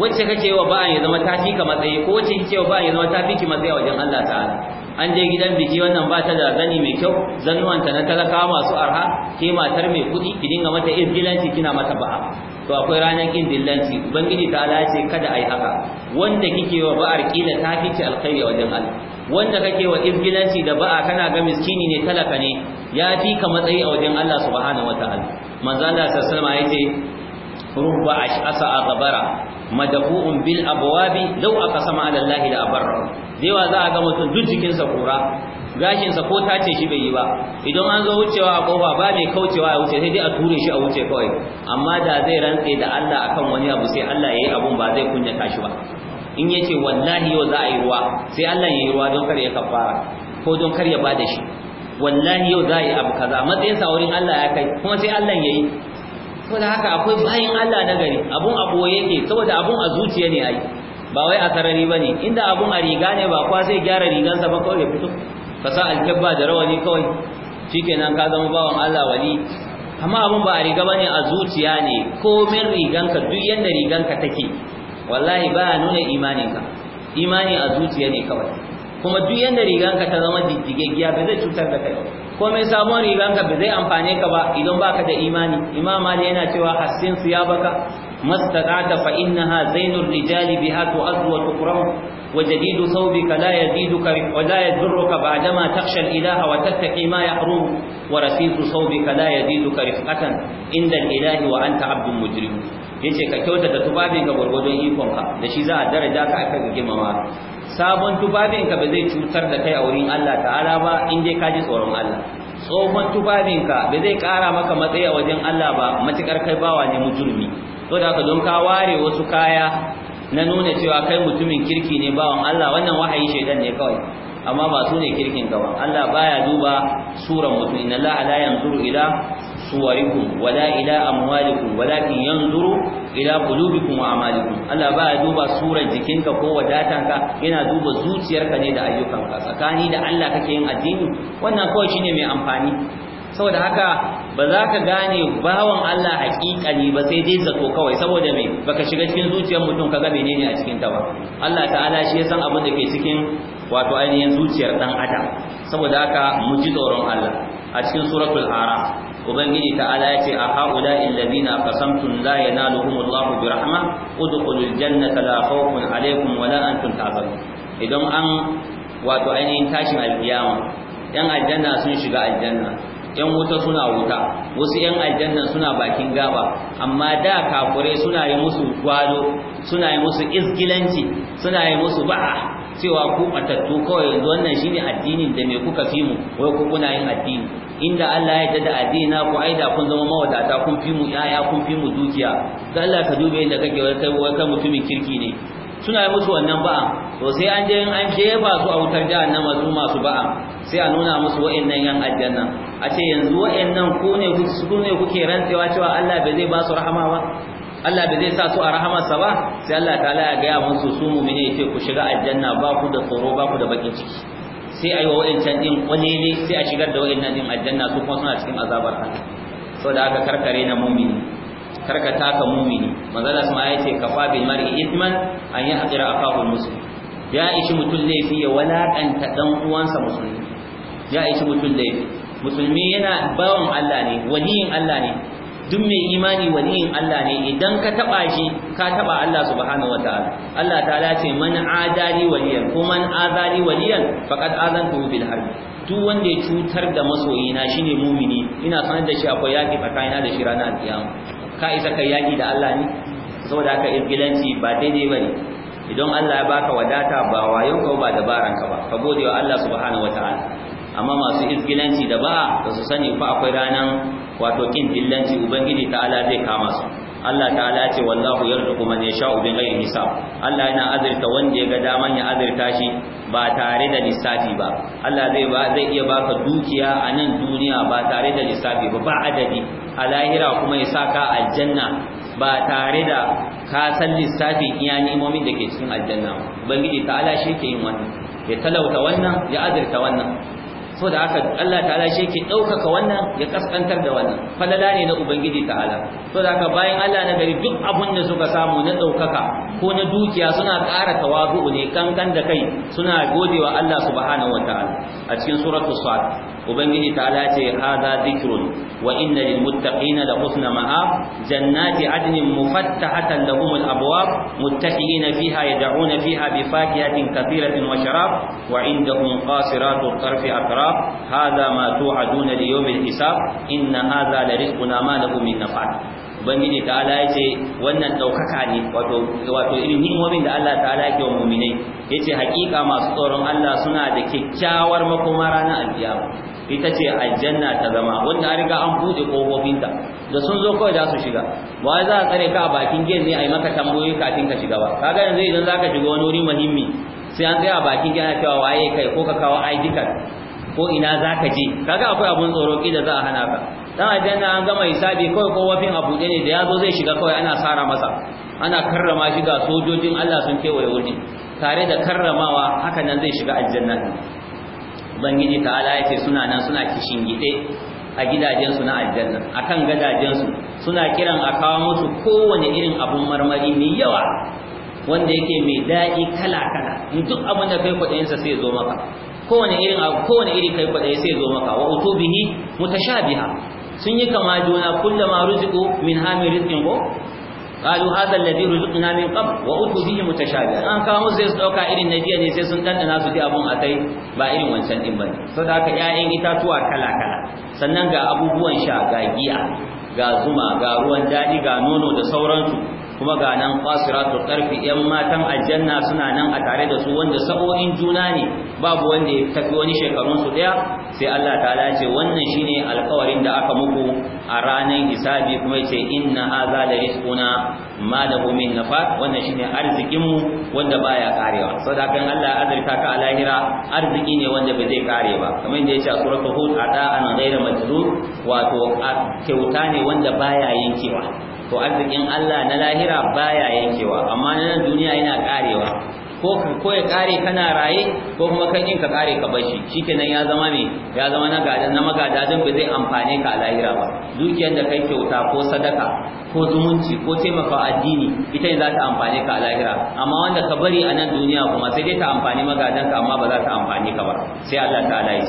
wacce kake yi wa ba'an ya zama ta ka matsayi ko wacce yi wa ba'an ya zama ta fiki matsayi a wajen Allah ta'ala an je gidan biki wannan ba ta da gani mai kyau zannuwanta na talaka masu arha ke matar mai kuɗi ki dinga mata izgilanci kina mata ba'a to akwai ranar kin dillanci ubangiji ta ce kada ai haka wanda kike wa ba'ar kila ta fice alkhairi wajen Allah wanda kake wa izgilanci da ba'a kana ga miskini ne talaka ne ya fi ka matsayi a wajen Allah subhanahu wataala manzo Allah sallallahu alaihi wasallam yace ruba ash'asa gabara madabu'un bil abwabi law aqsama ala allahi la barra dewa za a ga mutum duk jikin sa kura gashin sa ko tace shi bai yi ba idan an zo wucewa a kofa ba mai kaucewa ya wuce sai dai a ture shi a wuce kawai amma da zai rantse da Allah akan wani abu sai Allah yayi abun ba zai kunyata shi ba in yace wallahi yau za a yi ruwa sai Allah yayi ruwa don kar ya kafara ko don kar ya bada shi wallahi yau za a yi abu kaza matsayin sa wurin Allah ya kai kuma sai Allah yayi saboda haka akwai bayin Allah na gari abun a boye yake saboda abun a zuciya ne ai ba wai a sarari bane inda abun a riga ne ba kwa zai gyara rigan sa ba kawai fito ka sa alkabba da rawani kawai shikenan ka zama bawan Allah wali amma abun ba a riga bane a zuciya ne komin ka duk yanda ka take wallahi ba nuna imaninka imani a zuciya ne kawai kuma duk yanda ka ta zama jijjigeggiya ba zai cutar da kai komai sabon riganka ba zai amfane ka ba idan baka da imani imam mali yana cewa hassin baka. mastaqata fa innaha zainur rijali biha tu'azzu wa tukram wa jadidu thawbika la yaziduka wa la yadurruka ba'dama takhsha al-ilaha wa tattaqi ma yahrum wa rasidu thawbika la yaziduka rifqatan inda al-ilahi wa anta 'abdun mujrim yace ka kyautata tufafi ga gurgudun ikonka da shi za a daraja ka aka girmama sabon tubabinka ba zai cutar da kai a wurin Allah ta'ala ba in dai ka ji tsoron Allah tsohon tubabinka ba zai kara maka matsayi a wajen Allah ba matukar kai bawa ne mujurmi to da haka don ka ware wasu kaya na nuna cewa kai mutumin kirki ne bawan Allah wannan wahayi shaidan ne kawai amma ba su ne kirkin gaba Allah baya duba suran mutum inna Allah la yanzuru ila suwarikum wala ila amwalikum walakin yanzuru ila qulubikum wa amalikum Allah ba ya duba surar jikinka ko wadatanka yana duba zuciyarka ne da ayyukanka tsakani da Allah kake yin addini wannan kawai shine mai amfani saboda haka ba za ka gane bawan Allah hakikani ba sai dai zato kawai saboda me baka shiga cikin zuciyar mutum kaga menene a cikin ta ba Allah ta'ala shi ya san abin da ke cikin wato ainihin zuciyar dan adam saboda haka mu ji tsoron Allah a cikin suratul araf ubangiji Ala ya ce a haula illazina qasamtum la yanaluhumullahu bi rahma udkhulul jannata la khawfun alaykum wa antum tahzanun idan an wato ainihin tashin alkiyama yan aljanna sun shiga aljanna yan wuta suna wuta wasu yan aljanna suna bakin gaba amma da kafurai suna yi musu gwado suna yi musu izgilanci suna yi musu ba'a cewa ku matattu kawai yanzu wannan shine addinin da me kuka fi mu wai ku kuna yin addini inda Allah ya dada adina ku aida kun zama mawadata kun fi mu yaya kun fi mu dukiya dan Allah ka dube inda kake wata wata mutumin kirki ne suna yi musu wannan ba'a to sai an je an jefa su a wutar da su masu ba'a sai a nuna musu wa'annan yan aljanna a ce yanzu wa'annan ku ne ku ne kuke rantsewa cewa Allah bai zai ba su rahama ba Allah bai zai sa su a rahamarsa ba sai Allah ta'ala ya ga musu su mu'mine ce ku shiga aljanna ba ku da tsoro ba ku da bakin ciki sai a yi wa wa'incan ɗin kwalele sai a shigar da wa'innan ɗin aljanna su kuma suna cikin azabar hannu da aka karkare na mumini karka taka mumini manzala su ma ya ce ka fa bil mar'i ithman an yi haƙira akahul muslim ya ishi mutum laifi ya walaƙanta ɗan uwansa musulmi ya ishi mutum laifi musulmi yana bawan Allah ne waliyin Allah ne duk mai imani waliyin Allah ne idan ka taba shi ka taba Allah subhanahu wataala Allah ta'ala ce man adali waliyan ko man azali waliyan faqad azantu bil harb duk wanda ya cutar da masoyina shine mumini ina sanar da shi akwai yaki tsakanina da shi ranar kiyama ka isa kai yaki da Allah ne saboda haka irgilanci ba daidai bane idan Allah ya baka wadata ba wayon ka ba dabaran ka ba ka gode wa Allah subhanahu wataala amma masu irgilanci da ba su sani fa akwai ranar. wato kin dillanci ubangiji ta'ala zai kama su Allah ta'ala ce wallahu yarzuqu man yasha'u bi ghairi hisab Allah yana azurta wanda ya ga daman ya azurta shi ba tare da lissafi ba Allah zai ba zai iya baka dukiya a nan duniya ba tare da lissafi ba ba adadi a lahira kuma ya saka aljanna ba tare da ka san lissafi iya nimomin da ke cikin aljanna ubangiji ta'ala shi ke yin wannan ya talauta wannan ya azurta wannan so da haka Allah ta'ala shi yake ɗaukaka wannan ya kaskantar da wannan falala ne na ubangiji ta'ala so da haka bayan Allah na gari duk abun da suka samu na ɗaukaka ko na dukiya suna ƙara tawazu ne kankan da kai suna godewa Allah subhanahu wataala a cikin suratul sad ubangiji ta lace hadha zikirun. wa inna lil muttaqina la husna ma'ab jannati adnin mufattahatan lahum al abwab muttaqiina fiha yad'una fiha bi fakihatin kathiratin wa sharaf. wa indahum qasiratu tarfi atraf hadha ma tu'aduna li yawm al hisab inna hadha la rizquna ma lahu min nafad ubangiji ta'ala ya ce wannan ɗaukaka ne wato irin ni'imomin da Allah ta'ala yake wa muminai ya ce hakika masu tsoron Allah suna da kyakkyawar makoma ranar alkiyama ita ce aljanna ta zama wanda an riga an buɗe kofofinta da sun zo kawai za su shiga ba za a tsare ka a bakin gate ne a yi maka tambayoyi kafin ka shiga ba kaga yanzu idan zaka ka shiga wani wuri muhimmi sai an tsaya a bakin gate ana cewa waye kai ko ka kawo ID card ko ina za je kaga akwai abun tsoro kida za a hana ka dan aljanna an gama hisabi kawai kofofin a buɗe ne da ya zo zai shiga kawai ana sara masa ana karrama shi sojojin Allah sun kewaye wuri tare da karramawa hakan nan zai shiga aljanna ubangiji ala ya ce suna nan suna kishin gide a gidajensu na aljanna akan gadajensu suna kiran a kawo musu kowane irin abun marmari mai yawa wanda yake mai daɗi kala kala in duk abin da kai sa sai zo maka kowane irin abu kowane iri kai kwaɗayi sai zo maka wa utubihi mutashabiha sun yi kama juna kullama ruziku min hami rizqin ko qalu hadha alladhi ruziqna min qabl wa utu bihi mutashabihan an kawo musu su dauka irin na ne sai sun dandana su ji abun akai ba irin wancan din bane saboda haka ƴaƴan itatuwa kala kala sannan ga abubuwan sha ga giya ga zuma ga ruwan dadi ga nono da sauransu kuma ga nan qasiratul ƙarfi yan matan aljanna suna nan a tare da su wanda sa'o'in juna ne babu wanda ya tafi wani shekarun su daya sai Allah ta'ala ce wannan shine alkawarin da aka muku a ranar hisabi kuma ce inna hadha la rizquna ma min nafat wannan shine arzikin mu wanda baya karewa saboda Allah azurta ka a lahira arziki ne wanda bai zai kare ba kamar yadda ce a suratul hud na ghayra majdud wato kyauta ne wanda baya yankewa to arzikin Allah na lahira baya yankewa amma na nan duniya yana karewa ko ko ya kare kana raye ko kuma kan in ka kare ka bashi shikenan ya zama me ya zama na gadan na magadadin ba zai amfane ka a lahira ba dukiyar da kai wuta ko sadaka ko zumunci ko taimaka addini ita ne za ta amfane ka a lahira amma wanda ka bari a nan duniya kuma sai dai ta amfani magadan ka amma ba za ta amfane ka ba sai Allah ta'ala ya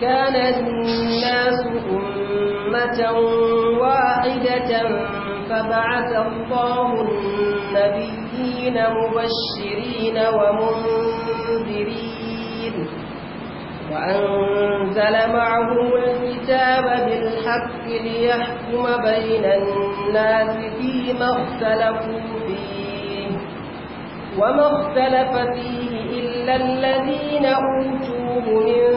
kana nasu ummatan واحدة فبعث الله النبيين مبشرين ومنذرين وأنزل معهم الكتاب بالحق ليحكم بين الناس فيما اختلفوا فيه وما اختلف فيه إلا الذين أوتوه من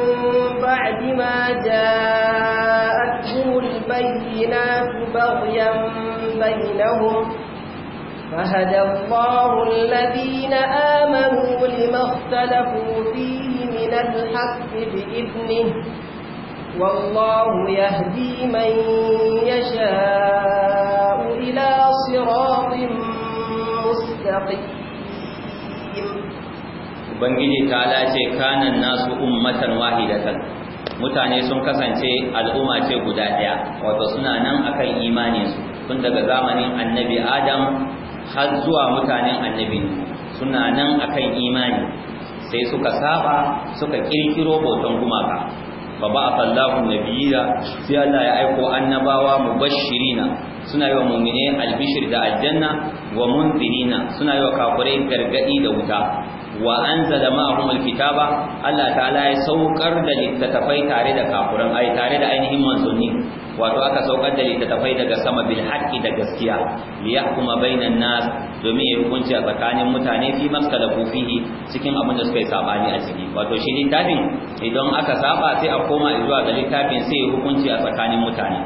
بعد ما جاءتهم البينات بغيا بينهم فهدى الله الذين آمنوا لما اختلفوا فيه من الحق بإذنه والله يهدي من يشاء إلى صراط مستقيم Ubangiji ta lace kanan nasu ummatan wahidatan mutane sun kasance al'umma ce guda ɗaya wato suna nan akan imaninsu tun daga zamanin annabi adam har zuwa mutanen annabi suna nan akan imani sai suka saba suka kirkiro hoton gumaka fa ba afallahu nabiyya sai Allah ya aiko annabawa mubashirina suna yi wa mu'mine albishir da aljanna wa mundirina suna yi wa kafirai gargadi da wuta wa anzala ma'ahum alkitaba Allah ta'ala ya saukar da littattafai tare da kafuran ai tare da ainihin manzoni wato aka saukar da littattafai daga sama bil haqqi da gaskiya li yahkuma bainan nas domin ya hukunci a tsakanin mutane fi maskalafu kufihi cikin abin da suka yi sabani a ciki wato shi littafin idan aka saba sai a koma zuwa ga littafin sai ya hukunci a tsakanin mutane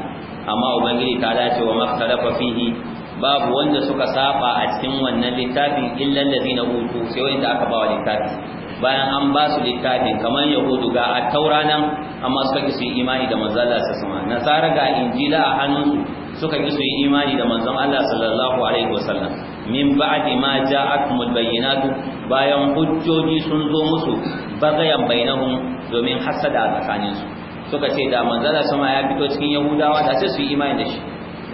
amma ubangiji ta dace wa maskalafa fihi babu wanda suka saba a cikin wannan littafin illa allazina utu sai wanda aka bawa littafi bayan an ba su littafin kamar yahudu ga a taura nan amma suka ki su yi imani da manzon Allah sallallahu alaihi nasara ga injila a hannunsu suka ki su yi imani da manzon Allah sallallahu alaihi wasallam min ba'di ma ja'akumul bayyinat bayan hujjoji sun zo musu bagayan bainahum domin hasada a tsakaninsu suka ce da manzon Allah sama ya fito cikin yahudawa da sai su yi imani da shi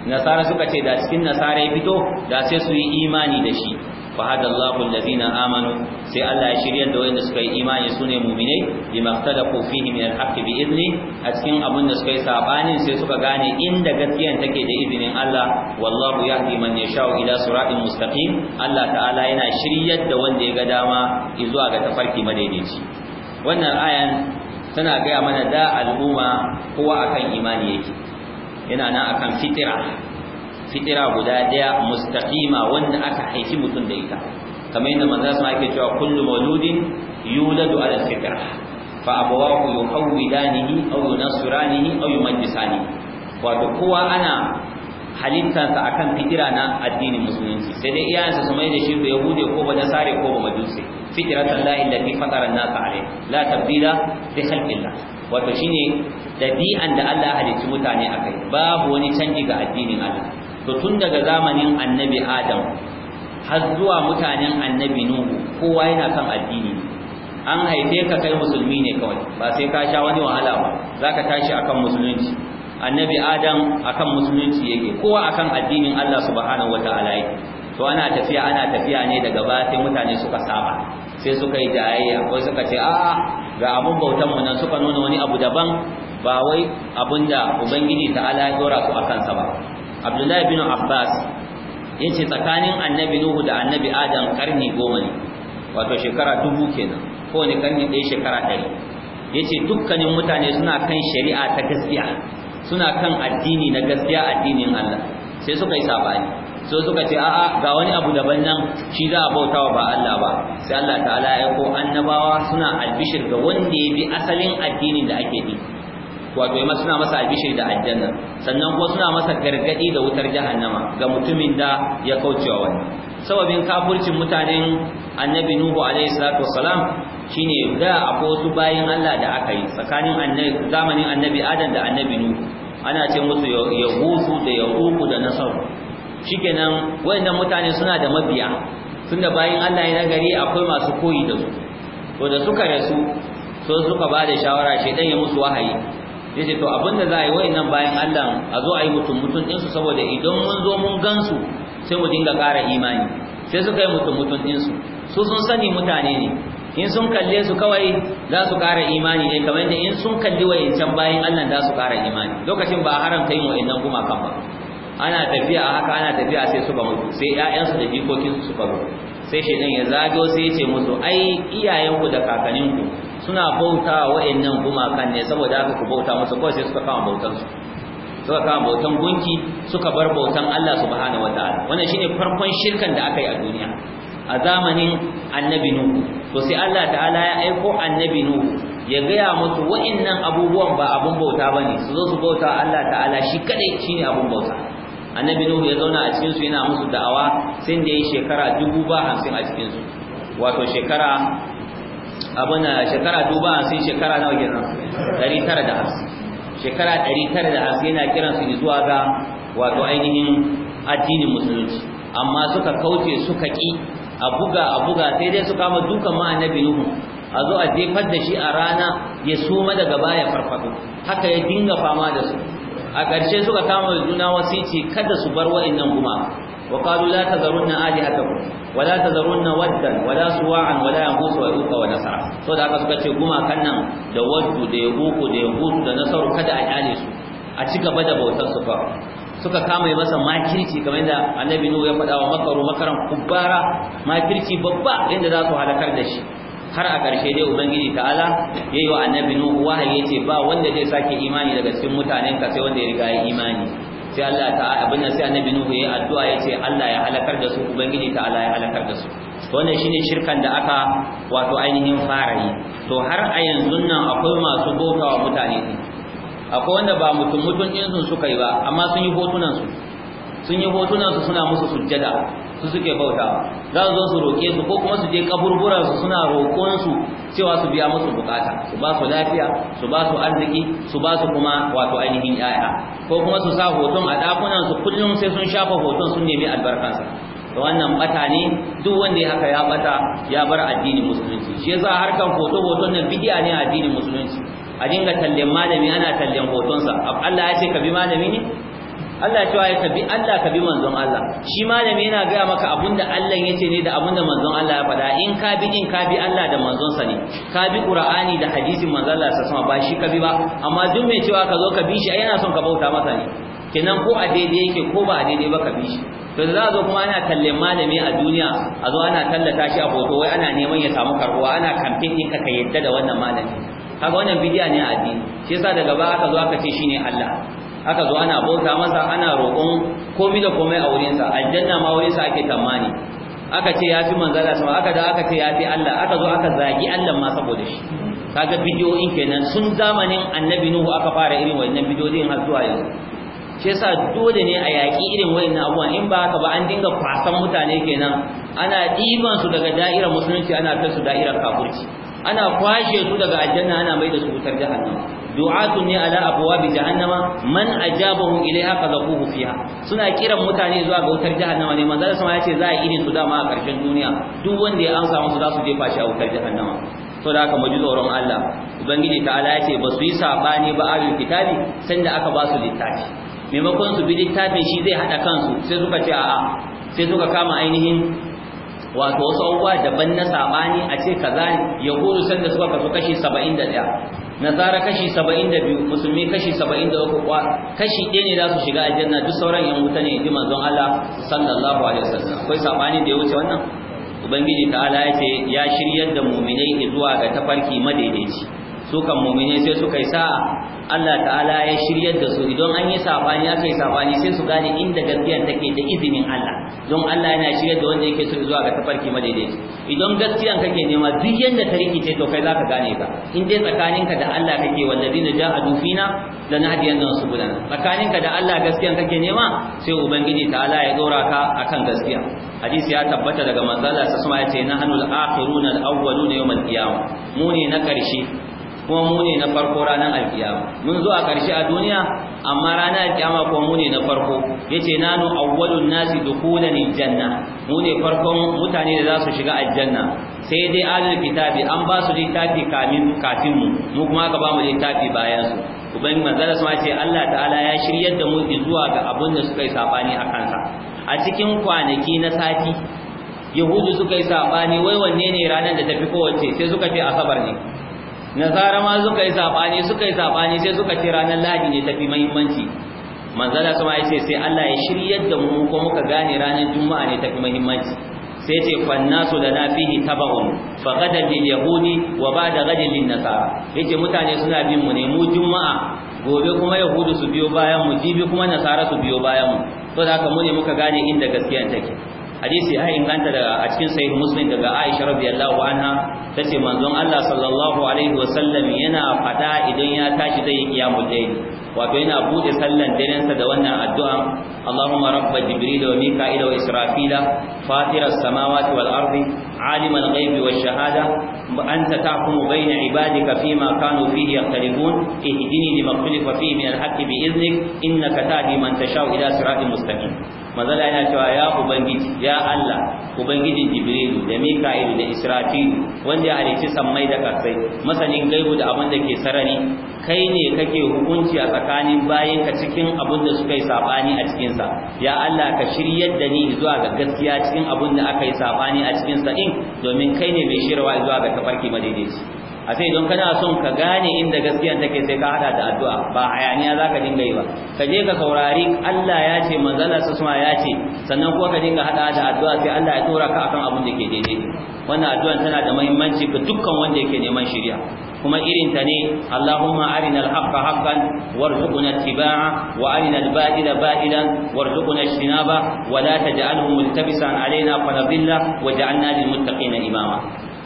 nasara suka ce da cikin nasara ya fito da sai su yi imani da shi fa hadallahu allazina amanu sai Allah ya shiryar da wanda suka yi imani sune mu'minai bima ikhtalafu fihi min al bi idni a cikin abin da suka yi sabanin sai suka gane inda gaskiyan take da izinin Allah wallahu yahdi man yasha'u ila siratin mustaqim Allah ta'ala yana shiryar da wanda ya ga dama zuwa ga tafarki madaidaici wannan ayan tana gaya mana da al'umma kowa akan imani yake yana nan akan fitira fitira guda daya mustaqima wanda aka haifi mutum da ita kamar yadda manzo sa yake cewa kullu mauludin yuladu ala fitra fa abawahu yuhawidanihi aw yunasiranihi aw yumajjisani wato kowa ana halittansa akan fitira na addinin musulunci sai dai iyayensa su mai da shi ba yahude ko ba nasare ko ba majusi fitratan la illati fatara an-nas alayha la tabdila li khalqillah wato shine dabi'an da Allah ya halicci mutane a kai babu wani canji ga addinin Allah to tun daga zamanin annabi Adam har zuwa mutanen annabi Nuhu kowa yana kan addini an haife ka kai musulmi ne kawai ba sai ka sha wani wahala ba zaka tashi akan musulunci annabi Adam akan musulunci yake kowa akan addinin Allah subhanahu wataala yake to ana tafiya ana tafiya ne daga ba sai mutane suka saba sai suka yi jayayya ko suka ce a'a ga abun bautan mu nan suka nuna wani abu daban ba wai abinda ubangiji ala ya dora su akan sa ba abdullahi bin abbas yace tsakanin annabi nuhu da annabi adam karni goma ne wato shekara dubu kenan ko ne karni ɗaya shekara ɗari yace dukkanin mutane suna kan shari'a ta gaskiya suna kan addini na gaskiya addinin Allah sai suka yi sabani so suka ce a'a ga wani abu daban nan shi za a wa ba Allah ba sai Allah ta'ala ya ko annabawa suna albishir ga wanda ya bi asalin addinin da ake bi wato ya suna masa albishir da aljanna sannan kuma suna masa gargadi da wutar jahannama ga mutumin da ya kaucewa wani sababin kafircin mutanen annabi nuhu alaihi salatu wassalam shine da akwai wasu bayin Allah da aka yi tsakanin annabi zamanin annabi adam da annabi nuhu ana ce musu yahusu da yahuku da nasaru shikenan wayannan mutane suna da mabiya tunda bayan Allah ya nagari akwai masu koyi da su to da suka rasu so suka ba da shawara shedan ya musu wahayi yace to abinda za a yi wayannan bayan Allah a zo a yi mutum mutum din su saboda idan mun zo mun gansu sai mu dinga ƙara imani sai suka yi mutum mutum din su su sun sani mutane ne in sun kalle su kawai za su ƙara imani ne kamar da in sun kalli wayancan bayan Allah za su ƙara imani lokacin ba haramta yin wayannan gumakan ba ana tafiya haka ana tafiya sai suka mutu sai ƴaƴansu da su suka mutu sai shedan ya zago sai ya ce musu ai iyayenku da kakanninku suna bauta wa kuma kan ne saboda haka ku bauta musu kawai sai suka kama su, suka kama bautan gunki suka bar bautan Allah subhanahu wataala wannan shine farkon shirkan da aka yi a duniya a zamanin annabi nuhu to sai Allah ta'ala ya aiko annabi nuhu ya gaya musu wa'annan abubuwan ba abun bauta bane su zo su bauta Allah ta'ala shi kadai shine abun bauta annabi nuhu ya zauna a cikin su yana musu da'awa sai da yi shekara dubu ba a cikin su wato shekara abuna shekara dubu ba hamsin shekara nawa kenan ɗari tara da shekara ɗari tara da yana kiran su zuwa ga wato ainihin addinin musulunci amma suka kauce suka ki a buga a buga sai dai suka ma dukan ma annabi nuhu a zo a jefar da shi a rana ya suma daga baya farfado haka ya dinga fama da su a ƙarshe suka kama da juna wasici kada su bar wa'annan kuma wa qalu la tazarunna alihatakum wa la tazarunna waddan wa la suwa'an wa la su wa yuqa wa nasara so da aka suka ce guma kan nan da waddu da buku da yaghus da nasaru kada a kyale su a ci gaba da bautar su fa suka kama yi masa makirci kamar yadda annabi nuhu ya faɗa wa makaru makaran kubbara makirci babba inda za su halakar da shi har a ƙarshe dai ubangiji ta'ala ya yi wa annabi nuhu wahayi ya ce ba wanda zai sake imani daga cikin mutanen ka sai wanda ya riga ya imani sai Allah ta abin nan sai annabi nuhu ya yi addu'a ya ce Allah ya halakar da su ubangiji ta'ala ya halakar da su wannan shine shirkan da aka wato ainihin fara yi to har a yanzu nan akwai masu bautawa mutane akwai wanda ba mutum mutum din sun suka yi ba amma sun yi hotunan su sun yi hotunan su suna musu sujjada su suke bautawa za su zo su roƙe su ko kuma su je kaburburan su suna roƙon su cewa su biya musu bukata su ba su lafiya su ba su arziki su ba su kuma wato ainihin yaya ko kuma su sa hoton a dakunan su kullum sai sun shafa hoton sun nemi albarkansa to wannan bata ne duk wanda ya haka ya bata ya bar addinin musulunci shi yasa harkan hoto hoton nan bidiya ne a addinin musulunci a dinga tallen malami ana tallen hotonsa Allah ya ce ka bi malami ne Allah cewa ya tabi Allah ka bi manzon Allah shi malami yana gaya maka abinda Allah yace ne da abinda manzon Allah ya faɗa in ka bi yin ka bi Allah da manzon sa ne ka bi Qur'ani da hadisi, manzon Allah sa ba shi ka bi ba amma duk mai cewa ka zo ka bi shi ai yana son ka bauta masa ne kenan ko a daidai yake ko ba a daidai ba ka bi shi to za a zo kuma ana kalle malami a duniya a zo ana tallata shi a hoto wai ana neman ya samu karbuwa ana kamfen in ka yadda da wannan malami kaga wannan bidiya ne a addini shi yasa daga ba aka zo aka ce shine Allah aka zo ana bauta masa ana roƙon komai da komai a wurinsa aljanna ma wurinsa ake tamani aka ce ya fi manzala sama aka da aka ce ya fi Allah aka zo aka zagi Allah ma saboda shi kaga in kenan sun zamanin annabi nuhu aka fara irin wannan din har zuwa yau shi yasa dole ne a yaƙi irin wayannan abubuwan in ba haka ba an dinga kwasan mutane kenan ana diban su daga da'irar musulunci ana kai su da'irar kafirci ana kwashe su daga aljanna ana mai da su wutar jahannama du'atun ne ala abwabi jahannama man ajabahum ilaiha fadhuhu fiha suna kiran mutane zuwa ga wutar jahannama ne manzo sama ya ce za a irin su dama a karshen duniya duk wanda ya amsa musu za su jefa shi a wutar jahannama to da haka maji tsoron Allah ubangiji ta'ala ya ce ba su yi sabani ba ahlul kitabi sanda aka ba su littafi maimakon su bi littafin shi zai hada kansu sai suka ce a'a sai suka kama ainihin wato wasu abubuwa daban na sabani a ce kaza yahudu sanda suka kasu kashi 71 nasara kashi 72 musulmi kashi 73 kashi ɗaya ne za su shiga aljanna duk sauran yan wuta ne ji manzon Allah sallallahu alaihi wasallam akwai sabani da ya wuce wannan ubangiji ta'ala ya ce ya shiryar da mu'minai zuwa ga tafarki madaidaici su kan mu'mini sai suka yi sa'a Allah ta'ala ya shiryar da su idan an yi sabani aka yi sabani sai su gane inda gaskiyar take da izinin Allah don Allah yana shiryar da wanda yake so zuwa ga tafarki madaidaici idan gaskiyar kake nema duk yanda ta rikice to kai zaka gane ka in dai tsakaninka da Allah kake walladina ja'adu fina su gudana, tsakaninka da Allah gaskiyar kake nema sai ubangiji ta'ala ya dora ka akan gaskiya hadisi ya tabbata daga manzala sa suma yace nahnul akhiruna al-awwaluna yawm al-qiyamah mu ne na karshe kuma mu ne na farko ranar alkiyama mun zo a ƙarshe a duniya amma ranar alkiyama kuma mu ne na farko yace nanu awwalun nasi dukhulan janna. mu ne farkon mutane da za su shiga aljanna sai dai alul kitabi an ba su littafi kamin kafin mu mu kuma aka ba mu littafi bayan su ubangi manzala sama ce Allah ta'ala ya shiryar da mu zuwa ga abin da suka yi sabani a kansa a cikin kwanaki na sati yahudu suka yi sabani wai wanne ne ranar da tafi kowace sai suka ce asabar ne nasara ma suka yi sabani suka yi sabani sai suka ce ranar lahadi ne tafi muhimmanci manzala sama ya ce sai Allah ya shiryar da mu ko muka gane ranar juma'a ne tafi muhimmanci sai ce fannasu da nafihi tabaun fa gada lil yahudi wa ba'da gadan lin nasara yace mutane suna bin mu ne mu juma'a gobe kuma yahudu su biyo bayan mu jibi kuma nasara su biyo bayan mu to da haka mu ne muka gane inda gaskiya take hadisi ya inganta daga a cikin sahih muslim daga Aisha radiyallahu anha tace manzon Allah sallallahu alaihi wasallam yana fada idan ya tashi zai kiyamul layl wato yana bude sallan daren sa da wannan addu'a Allahumma rabba jibril wa mika'il wa israfila fatir as-samawati wal ardi alim al-ghayb wash shahada anta tahkumu bayna ibadika fima kanu fihi yakhtalifun ihdini lima ikhtalafa fihi min al-haqqi bi idhnik innaka tahdi man tashau ila siratin mustaqim manzala yana cewa ya ubangiji ya Allah Ubangiji jibrilu da Mika'il da Israfil wanda ya halicci sammai da kasai masanin gaibu da abin da ke sarari kai ne kake hukunci a tsakanin bayan ka cikin abin da suka yi sabani a cikinsa ya Allah ka shiryar da ni zuwa ga gaskiya cikin abin da aka yi sabani a cikinsa din domin kai ne mai shirwa zuwa ga tafarki madaidaici a sai don kana son ka gane inda gaskiya take sai ka hada da addu'a ba hayaniya zaka dinga yi ba ka je ka saurari Allah ya ce manzala suma ya ce sannan kuma ka dinga hada da addu'a sai Allah ya tura ka akan abin da ke daidai wannan addu'an tana da muhimmanci ga dukkan wanda yake neman shari'a kuma irin ta ne Allahumma arinal haqqa haqqan warzuqna ittiba'a wa arinal batila batilan warzuqna ijtinaba wa la taj'alhu multabisan alaina fa nadilla waj'alna lil muttaqina imama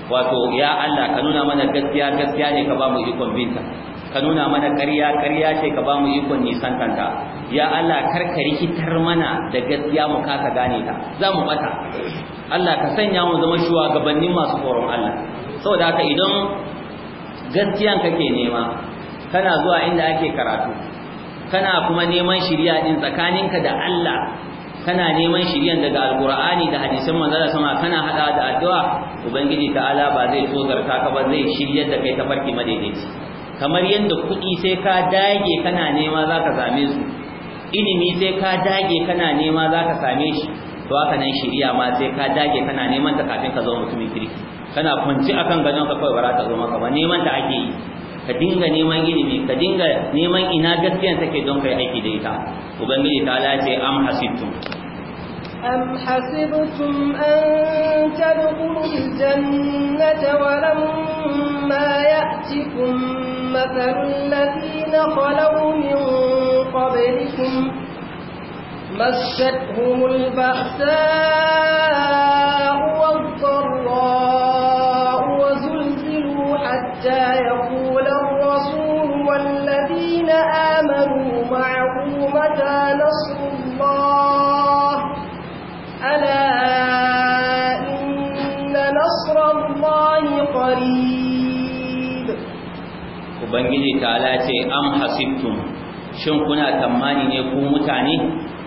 wato ya Allah ka nuna mana gaskiya gaskiya ne ka ba mu ikon binta ka nuna mana ƙarya ƙarya ce ka ba mu ikon nisan kanta ya Allah kar ka rikitar mana da gaskiya mu kaka gane ta za mu bata Allah ka sanya mu zama shuwa shugabannin masu koron Allah saboda haka idan gaskiyan kake nema kana zuwa inda ake karatu kana kuma neman shiriya din tsakaninka da Allah kana neman shiryan daga alqur'ani da hadisan manzala sama kana hada da addu'a ubangiji ta'ala ba zai garka ka ba zai shiryar da kai tafarki madaidaici kamar yanda kuɗi sai ka dage kana nema zaka same su ilimi sai ka dage kana nema zaka same shi to haka nan shiriya ma sai ka dage kana neman ta kafin ka zo mutumin kirki kana kwanci akan ganin ka kai bara ta zo maka ba neman ta ake yi ka dinga neman ilimi ka dinga neman ina gaskiyan take don kai aiki da ita ubangiji ta ce am hasibtum أم حسبتم أن تدخلوا الجنة ولما يأتكم مثل الذين خلوا من قبلكم مستهم البأساء والضراء وزلزلوا حتى يقول الرسول والذين آمنوا معه متى نصر qarib ubangiji ta'ala ce am hasibtum shin kuna tamani ne ku mutane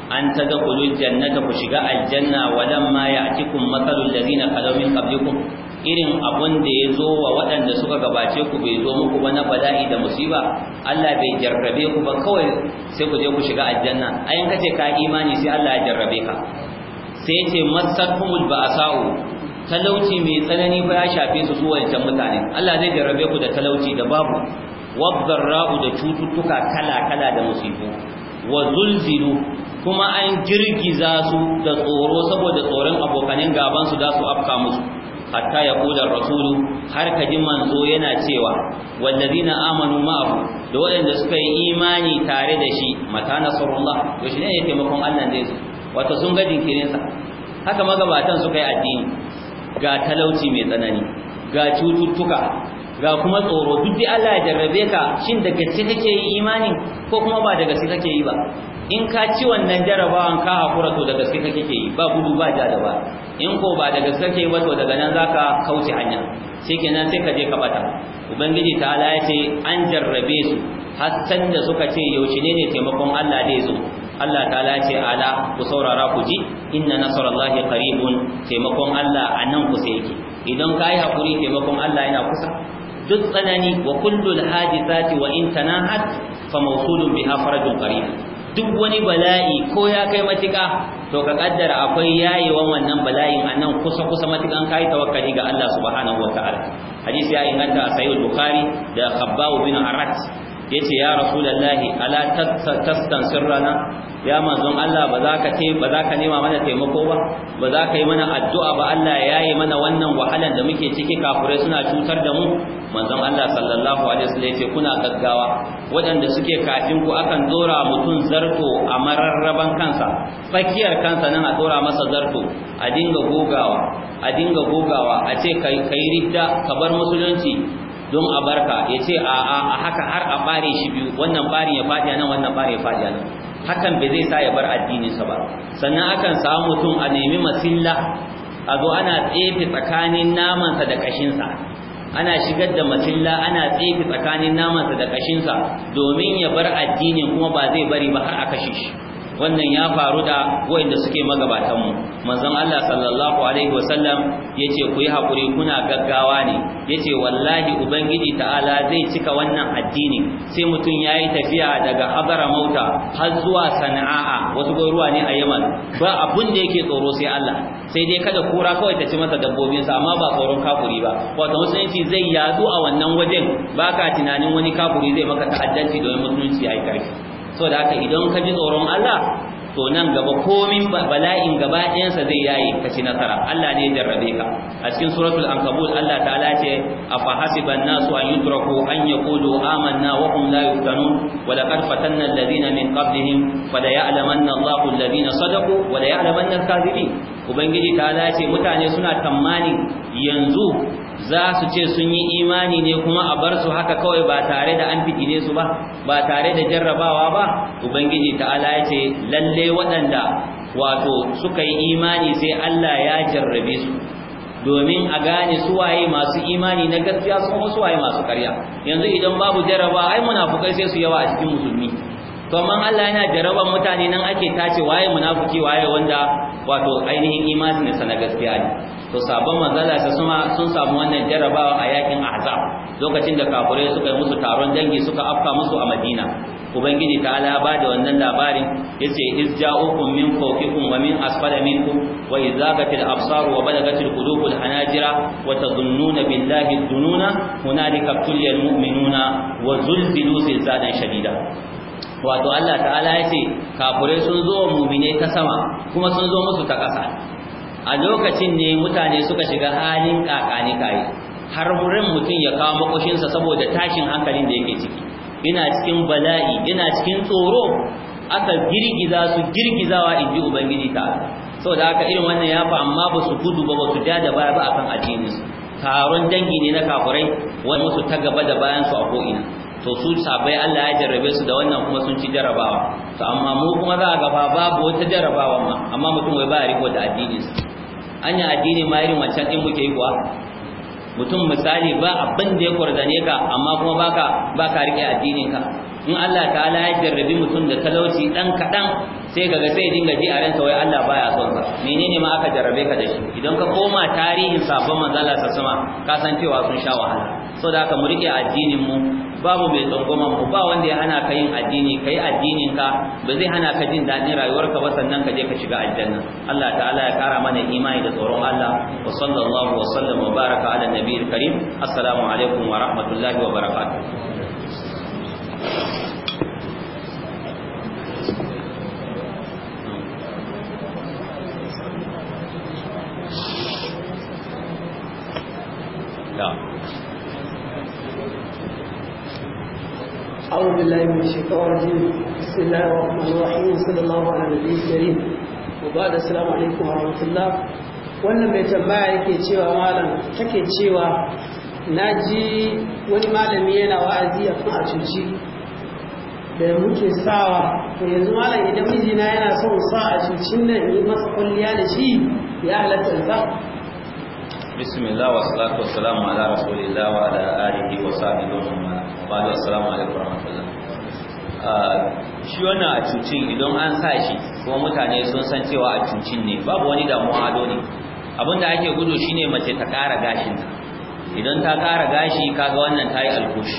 an taga kulul jannata ku shiga aljanna ma ya'tikum matalul ladina khalaw min qablikum irin abun da ya zo wa waɗanda suka gabace ku bai zo muku ba na bala'i da musiba Allah bai jarrabe ku ba kawai sai ku je ku shiga aljanna ayin kace ka imani sai Allah ya jarrabe ka sai ce masakumul ba'asau talauci mai tsanani ba ya shafe su su mutane Allah zai jarrabe ku da talauci da babu wadzarra'u da cututtuka kala-kala da musibu wa zulzilu kuma an girgiza su da tsoro saboda tsoron abokanin gaban su su afka musu hatta ya kula rasulu har ka ji manzo yana cewa wallazina amanu ma'ahu da waɗanda suka yi imani tare da shi mata nasarullah to shi ne taimakon Allah ne wato sun ga jinkirin haka magabatan suka yi addini ga talauci mai tsanani ga cututtuka ga kuma tsoro duk da Allah ya jarrabe ka shin da gaske kake yi imani ko kuma ba daga gaske kake yi ba in ka ci wannan jarabawan ka hakura to da gaske kake yi ba gudu ba ba in ko ba da gaske kake ba to daga nan zaka kauce hanya sai kenan sai ka je ka bata ubangiji ta Allah ya ce an jarrabe su har san da suka ce yaushe ne ne taimakon Allah da yazo Allah ta ce ala ku saurara ku ji inna nasarallahi qaribun taimakon Allah a nan kusa yake idan ka yi hakuri taimakon Allah yana kusa duk tsanani wa kullul hadisati wa in tanahat fa mawsulun biha farajun qarib duk wani bala'i ko ya kai matika to ka kaddara akwai yayewan wannan bala'in a nan kusa kusa matikan kai tawakkali ga Allah subhanahu wataala hadisi ya inganta a sahih bukhari da khabbab bin arat yace ya rasulullahi ala tastan sirrana ya manzon Allah ba za ka ba za ka nema mana taimako ba ba za ka yi mana addu'a ba Allah ya yi mana wannan wahalan da muke ciki kafirai suna cutar da mu manzon Allah sallallahu alaihi wasallam yace kuna gaggawa waɗanda suke kafin ku akan dora mutun zarto a mararraban kansa tsakiyar kansa nan a dora masa zarto a dinga gogawa a dinga gogawa a ce kai kai ridda ka bar musulunci don a barka ya ce a a haka har a bare shi biyu wannan barin ya fadi nan wannan barin ya fadi nan hakan bai zai sa ya bar addininsa ba sannan akan samu mutum a nemi masilla a zo ana tsefi tsakanin namansa da kashinsa. ana shigar da masilla ana tsefe tsakanin namansa da kashinsa domin ya bar addinin kuma ba zai bari ba har a kashe shi wannan ya faru da wanda suke magabatan mu manzon Allah sallallahu alaihi wasallam yace ku yi hakuri kuna gaggawa ne yace wallahi ubangiji ta'ala zai cika wannan addini sai mutun yayi tafiya daga hadara Mauta har zuwa Sana'a wasu ruwa ne a Yaman ba abun da yake tsoro sai Allah sai dai kada kura kawai ta ci masa sa amma ba tsoron kafuri ba wato musulunci zai yadu a wannan wajen baka tunanin wani kafuri zai maka ta'addanci domin mutunci ya karfi so da haka idan ka ji tsoron Allah to nan gaba komin bala'in gaba ɗayansa zai yayi ka ci nasara Allah ne ya jarrabe ka a cikin suratul ankabul Allah ta'ala ce afa hasiban nasu an yutraku an yaqulu amanna wa hum la yuftanun wa laqad fatanna alladhina min qablihim fa la ya'lamanna Allahu alladhina sadaqu wa la ya'lamanna al-kadhibin ubangiji ta'ala ce mutane suna tamani yanzu za su ce sun yi imani ne kuma a bar su haka kawai ba tare da an fitine su ba ba tare da jarrabawa ba ubangiji ta'ala ya ce lalle waɗanda wato suka yi imani sai Allah ya jarrabe su domin a gane suwaye masu imani na gaskiya su kuma suwaye masu karya yanzu idan babu jarraba ai munafukai sai su yawa a cikin musulmi to amma Allah yana jaraban mutane nan ake tace waye munafiki waye wanda wato ainihin imani ne na gaskiya ne to sabon manzala sai suma sun samu wannan jarabawa a yakin ahzab lokacin da kafirai suka yi musu taron dangi suka afka musu a Madina ubangiji ta ala ba da wannan labarin yace izja'ukum min fawqikum wa min asfala minkum wa izaqatil absar wa balagatil qulubul hanajira wa tadhunnuna billahi dununa hunalika tuliyal mu'minuna wa zulzilu zilzalan shadida wato Allah ta'ala ya ce kafure sun zo wa mumine ta sama kuma sun zo musu ta ƙasa a lokacin ne mutane suka shiga halin kakani kai har wurin mutum ya kawo sa saboda tashin hankalin da yake ciki Ina cikin bala'i yana cikin tsoro aka girgiza su girgizawa inji ji ubangiji ta saboda haka irin wannan ya fa amma ba su gudu ba ba su da da baya ba akan addinin su taron dangi ne na kafurai, wani su ta gaba da bayan su a ko'ina to su sabai Allah ya jarrabe su da wannan kuma sun ci jarrabawa to amma mu kuma za a gaba babu wata jarrabawa ma amma mutum wai ba ya riko da addini anya addini ma irin wancan din muke yi kuwa mutum misali ba abin da ya kwarzane ka amma kuma baka baka rike addinin ka in Allah ta'ala ya jarrabi mutum da talauci dan kadan sai kaga sai dinga ji a ranka wai Allah baya son ka menene ma aka jarrabe ka da shi idan ka koma tarihin sabon manzala sa sama ka san cewa sun sha wahala saboda da haka mu rike addinin mu babu mai tsangwaman mu ba wanda ya hana ka yin addini kai addinin ka ba zai hana ka jin daɗin rayuwarka ba sannan ka je ka shiga aljanna Allah ta'ala ya kara mana imani da tsoron Allah wa sallallahu wa wa baraka ala nabiyil karim assalamu alaikum wa rahmatullahi wa barakatuh بالله من الشيطان الرجيم بسم الله الرحمن الرحيم صلى الله على النبي الكريم وبعد السلام عليكم الله wannan mai tambaya yake cewa malam take cewa na ji wani malami yana wa'azi a kan acuci da muke sawa to yanzu malam idan mijina yana son sa a cucin nan yi masa kwalliya da shi ya halatta ba بسم الله والصلاة والسلام على ala الله وعلى ala وصحبه wa sahbihi السلام عليكم ورحمة الله shi wannan a cucin idan an sa shi kuma mutane sun san cewa a cucin ne babu wani damuwa ado ne abinda ake gudu shine mace ta kara gashin idan ta kara gashi kaga wannan ta yi alkush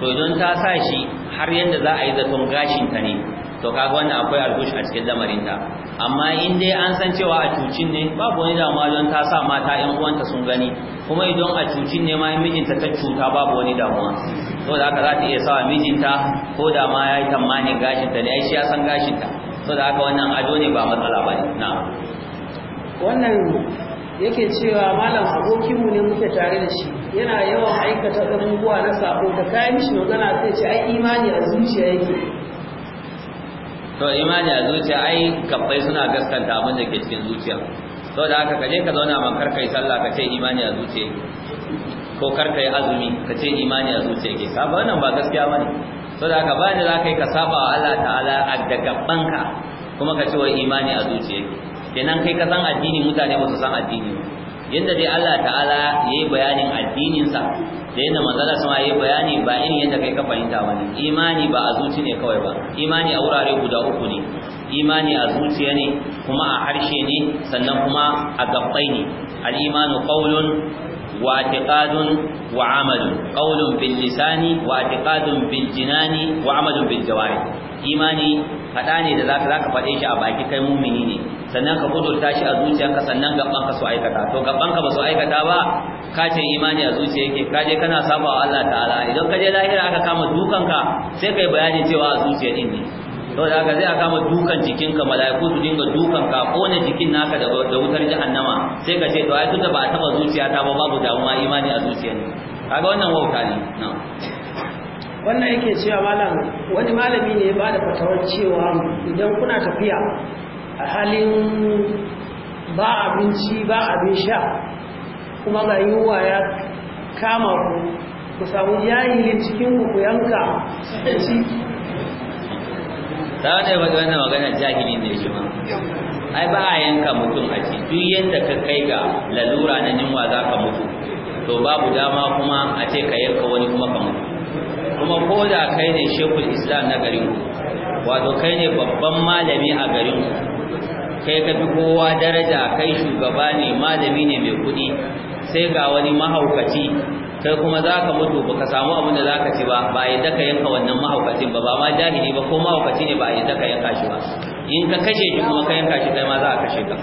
to idan ta sa shi har yanda za a yi zaton gashin ta ne to kaga wannan akwai alkush a cikin lamarin ta amma in dai an san cewa a cucin ne babu wani damuwa don ta sa mata yan uwanta sun gani kuma idan a cucin ne ma mijinta ta cuta babu wani damuwa da haka za ta iya sawa mijinta ko da ma ya yi tamanin gashinta ne ai shi ya san gashinta da haka wannan ado ne ba matsala ba ne na wannan yake cewa malam abokin mu ne muke tare da shi yana yawan aikata abubuwa na sako, da kayan shi magana sai ce ai imani a zuciya yake to imani a zuciya ai kafai suna gaskanta abin da ke cikin zuciya to da haka kaje ka zauna ma karka yi sallah ka ce imani a zuciya ko karka yi azumi ka ce imani a zuciya ke ka ba wannan ba gaskiya bane to da haka ba ni zaka yi ka saba wa Allah ta'ala a da kuma ka ce wa imani a zuciya kenan kai ka san addini mutane ba su san addini yadda dai Allah ta'ala ya yi bayanin addininsa da yadda manzala sun yi bayani ba irin yadda kai ka fahimta ba imani ba a zuci ne kawai ba imani a wurare guda uku ne imani a zuciya ne kuma a harshe ne sannan kuma a gabbai ne al-imanu qawlun wa i'tiqadun wa 'amalun qawlun bil lisani wa i'tiqadun bil jinani wa 'amalun bil jawari imani fada ne da zaka zaka fade shi a baki kai mumini ne sannan ka kudurta tashi a zuciyarka sannan gaban ka su aikata to gaban ka ba su aikata ba ka ce imani a zuciya yake ka je kana saba wa Allah ta'ala idan ka je lahira aka kama dukan ka sai kai bayani cewa a zuciya din ne to da haka zai aka kama dukan jikin ka malaiku su dinga dukan ka kona jikin naka da wutar jahannama sai ka ce to ai tunda ba a taba zuciya ta ba babu damuwa imani a zuciya ne kaga wannan wauta ne na'am wannan yake cewa malam wani malami ne ba da fatawar cewa idan kuna tafiya a halin ba abinci ba abin sha kuma ga yiwuwa ya kama ku ku samu jahilin cikin ku ku yanka ci ta ne wannan magana jahili ne shi ma ai ba a yanka mutum a ci duk yadda ka kai ga lalura na yunwa za ka mutu to babu dama kuma a ce ka yanka wani kuma ka mutu kuma ko da kai ne shekul islam na garin ku? wato kai ne babban malami a garin ku? kai ka fi kowa daraja kai shugaba ne malami ne mai kudi sai ga wani mahaukaci kai kuma za ka mutu baka samu abin da za ka ci ba ba yadda ka yanka wannan mahaukacin ba ba ma jahili ba ko mahaukaci ne ba yadda ka yanka shi ba in ka kashe shi kuma ka yanka shi kai ma za a kashe ka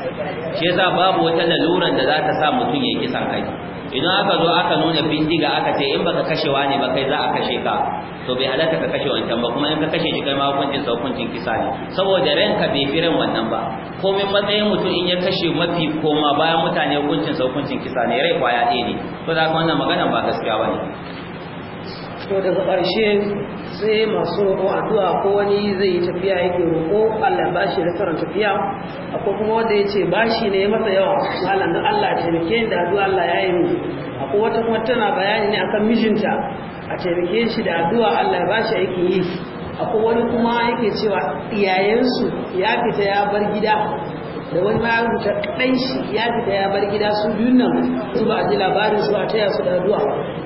shi yasa babu wata laluran da za ta sa mutum ya yi kisan kai idan aka zo aka nuna bindiga aka ce in baka kashe wani ba kai za a kashe ka to bai halatta ka kashe wancan ba kuma in ka kashe shi kai ma hukuncin sa hukuncin kisa ne saboda ranka bai fi ran wannan ba komai matsayin mutum in ya kashe mafi koma bayan mutane hukuncin sa hukuncin kisa ne rai kwaya ɗaya ne ko da wannan magana ba gaskiya ba bane to daga ƙarshe sai masu roƙo addu'a ko wani zai yi tafiya yake roƙo Allah ba shi nasarar tafiya akwai kuma wanda ya ce ba shi ne masa yawa Allah da Allah taimake da addu'a Allah ya yi mu akwai wata kuma tana bayani ne akan mijinta a taimake shi da addu'a Allah ya ba shi aikin yi akwai wani kuma yake cewa iyayensu ya fita ya bar gida da wani ma ya rubuta ɗan shi ya fita ya bar gida su biyun nan su ba a ji labarin su a taya su da addu'a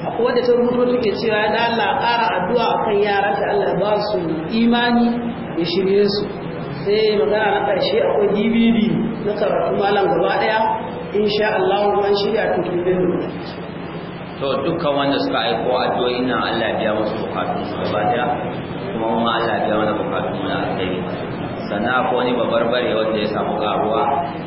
akwai wadda ta rubuto take cewa da Allah ƙara addu'a akan yaran ta Allah ba su imani ya shirye su sai magana na ƙarshe akwai DVD na karatu malam gaba ɗaya insha Allah an shirya tutubin to dukkan wanda suka aiko addu'o'in nan Allah ya biya musu bukatun su gaba ɗaya kuma Allah ya biya mana bukatun mu na alheri sana ko wani babbar bare wanda ya samu karuwa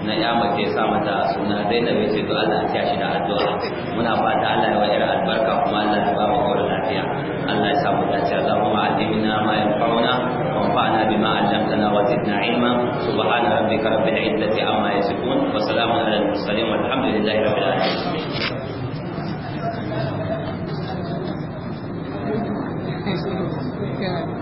na ya mace ya sa mata suna Zainab ce to Allah a shi da addu'a muna fata Allah ya wayar albarka kuma Allah ya ba mu kawar lafiya Allah ya sa mu dace Allahumma alimina ma yanfa'una wanfa'na bima 'allamtana wa zidna 'ilma subhana rabbika rabbil 'izzati amma yasifun wa salamun 'alal mursalin walhamdulillahi rabbil alamin Thank you.